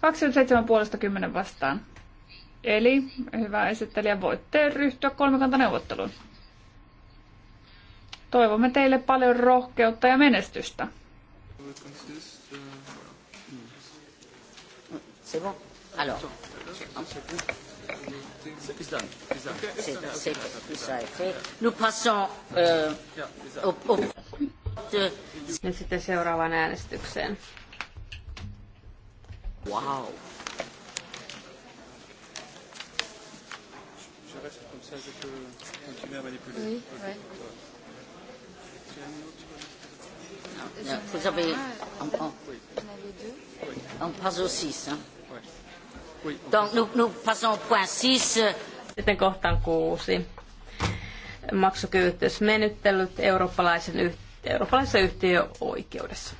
27 puolesta 10 vastaan. Eli, hyvä esittelijä, voitte ryhtyä kolmikantaneuvotteluun. Toivomme teille paljon rohkeutta ja menestystä. C'est bon. Alors. Euh, Nyt sitten seuraavaan äänestykseen. Wow. Je reste comme ça, je peux continuer à manipuler. Oui, oui. Vous avez. On, on, on passe au 6. Hein. Ouais. Donc, nous, nous passons point 6. Sitten kohtaan kuusi. Maksukyvyttömyysmenettelyt eurooppalaisen yh- eurooppalaisessa yhtiöoikeudessa.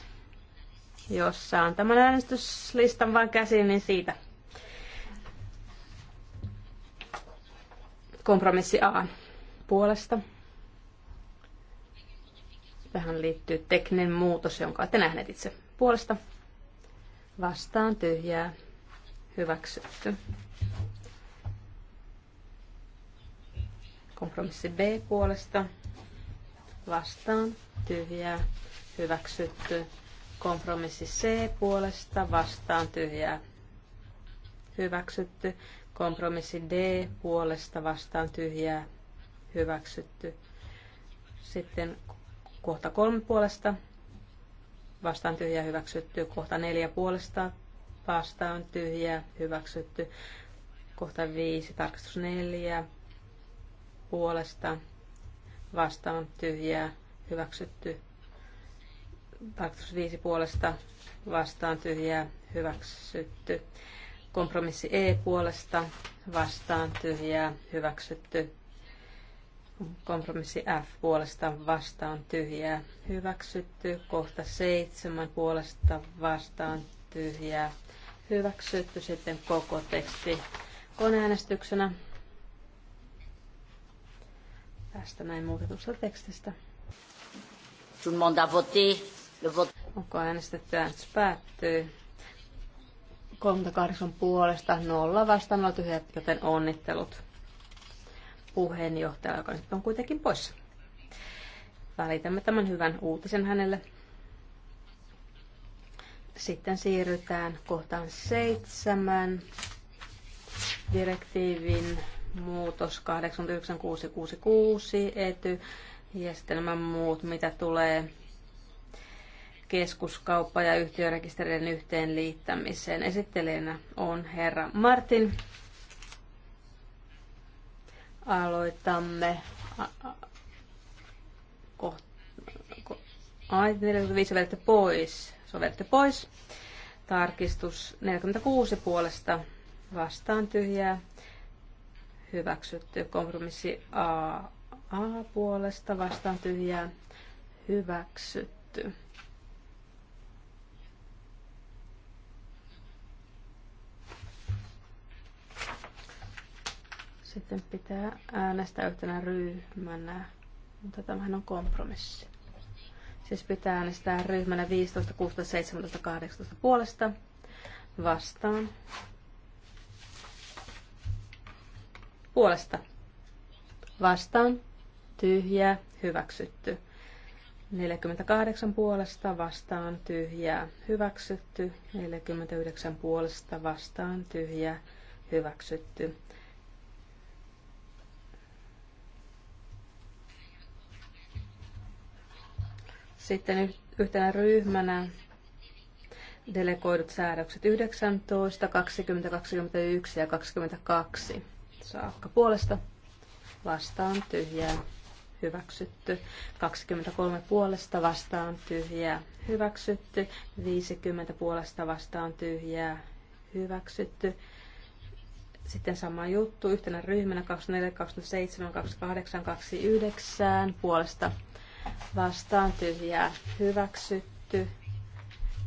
Jos saan tämän äänestyslistan vain käsiin, niin siitä. Kompromissi A puolesta. Tähän liittyy tekninen muutos, jonka olette nähneet itse puolesta. Vastaan tyhjää hyväksytty. Kompromissi B puolesta vastaan tyhjää hyväksytty. Kompromissi C puolesta vastaan tyhjää hyväksytty. Kompromissi D puolesta vastaan tyhjää hyväksytty. Sitten kohta kolme puolesta vastaan tyhjää hyväksytty. Kohta neljä puolesta on tyhjä hyväksytty. Kohta 5 tarkastus 4 puolesta on tyhjä hyväksytty. Tarkastus 5 puolesta on tyhjä hyväksytty. Kompromissi E puolesta vastaan tyhjää hyväksytty. Kompromissi F puolesta vastaan tyhjää hyväksytty. Kohta 7 puolesta vastaan tyhjää hyväksytty sitten koko teksti koneäänestyksenä tästä näin muutetusta tekstistä. Tout le monde Onko äänestetty? Äänestys päättyy. 38 puolesta, nolla vastaan, 0 tyhjät, joten onnittelut Puheenjohtaja, joka nyt on kuitenkin poissa. Välitämme tämän hyvän uutisen hänelle. Sitten siirrytään kohtaan seitsemän direktiivin muutos 89666 ety ja sitten nämä muut, mitä tulee keskuskauppa- ja yhtiörekisterien yhteenliittämiseen. Esittelijänä on herra Martin. Aloitamme kohta. Ai, 45 pois sovellitte pois. Tarkistus 46 puolesta vastaan tyhjää. Hyväksytty kompromissi A, A puolesta vastaan tyhjää. Hyväksytty. Sitten pitää äänestää yhtenä ryhmänä, mutta tämähän on kompromissi. Siis pitää äänestää ryhmänä 15, 16, 17, 18 puolesta vastaan. Puolesta vastaan tyhjää hyväksytty. 48 puolesta vastaan tyhjää hyväksytty. 49 puolesta vastaan tyhjää hyväksytty. Sitten yhtenä ryhmänä delegoidut säädökset 19, 20, 21 ja 22 saakka puolesta vastaan tyhjää hyväksytty. 23 puolesta vastaan tyhjää hyväksytty. 50 puolesta vastaan tyhjää hyväksytty. Sitten sama juttu yhtenä ryhmänä 24, 27, 28, 29 puolesta vastaan tyhjää hyväksytty.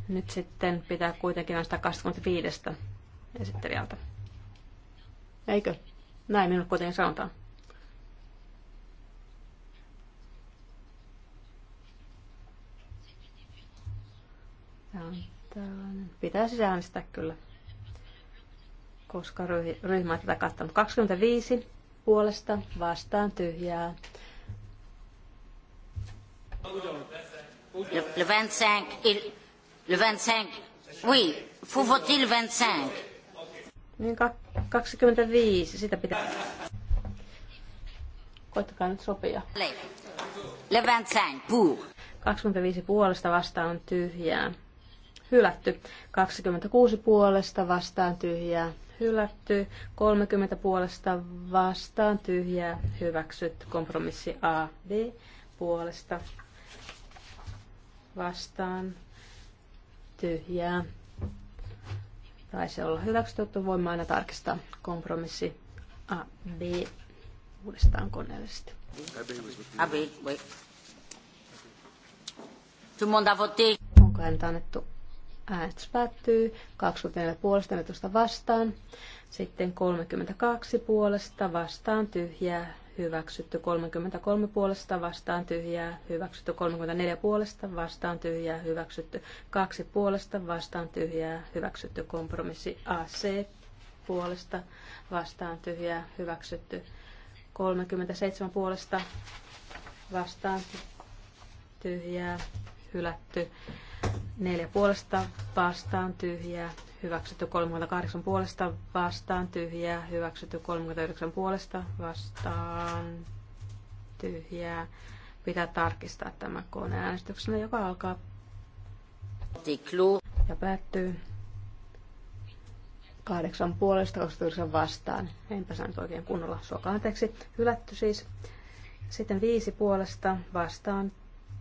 Nyt sitten pitää kuitenkin näistä 25 esittelijältä. Eikö? Näin minun kuitenkin sanotaan. Pitää on tällainen. äänestää kyllä, koska ryhmä on tätä kattanut. 25 puolesta vastaan tyhjää Le, le 25, il, le 25, oui, faut voter le 25. Niin 25, sitä pitää. Koittakaa nyt sopia. Le, 25, pour. 25 puolesta vastaan on tyhjää. Hylätty. 26 puolesta vastaan tyhjää. Hylätty. 30 puolesta vastaan tyhjää. hyväksyt Kompromissi A, B puolesta vastaan tyhjää. se olla hyväksytty, voimme aina tarkistaa kompromissi A, B uudestaan koneellisesti. A, B, Onko häntä annettu? Äänestys päättyy 24 puolesta 14 vastaan. Sitten 32 puolesta vastaan tyhjää hyväksytty 33 puolesta vastaan tyhjää, hyväksytty 34 puolesta vastaan tyhjää, hyväksytty 2 puolesta vastaan tyhjää, hyväksytty kompromissi AC puolesta vastaan tyhjää, hyväksytty 37 puolesta vastaan tyhjää, hylätty 4 puolesta vastaan tyhjää, hyväksytty 38 puolesta vastaan, tyhjää, hyväksytty 39 puolesta vastaan, tyhjää. Pitää tarkistaa tämä äänestyksenä, joka alkaa ja päättyy. Kahdeksan puolesta, ostuisen vastaan. Enpä saanut oikein kunnolla suokaa anteeksi. Hylätty siis. Sitten viisi puolesta vastaan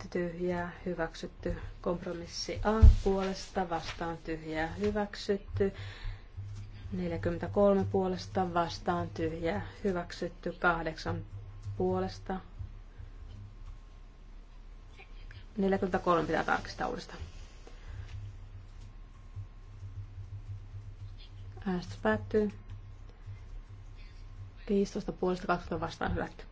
tyhjää, hyväksytty. Kompromissi A puolesta, vastaan tyhjää, hyväksytty. 43 puolesta, vastaan tyhjää, hyväksytty. 8 puolesta. 43 pitää tarkistaa uudestaan. Äänestys päättyy. 15 puolesta 20 vastaan hylätty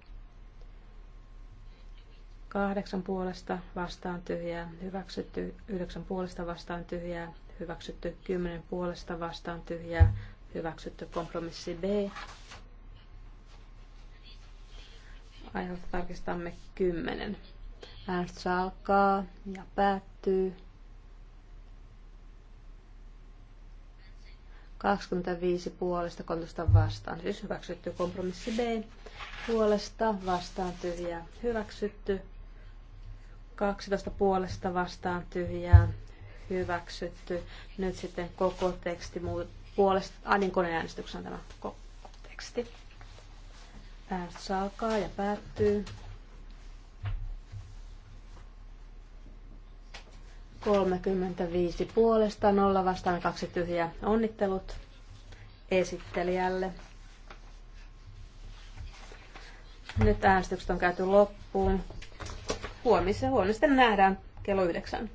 kahdeksan puolesta vastaan tyhjää, hyväksytty yhdeksän puolesta vastaan tyhjää, hyväksytty kymmenen puolesta vastaan tyhjää, hyväksytty kompromissi B. Aiheutta tarkistamme kymmenen. Äänestys alkaa ja päättyy. 25 puolesta, 13 vastaan, siis hyväksytty kompromissi B puolesta, vastaan tyhjää, hyväksytty 12 puolesta vastaan tyhjää hyväksytty. Nyt sitten koko teksti puolesta, ah, niin koneäänestyksen tämä koko teksti. Äänestys alkaa ja päättyy. 35 puolesta, 0 vastaan, kaksi tyhjää. Onnittelut esittelijälle. Nyt äänestykset on käyty loppuun huomisessa huomenna sitten nähdään kello yhdeksän.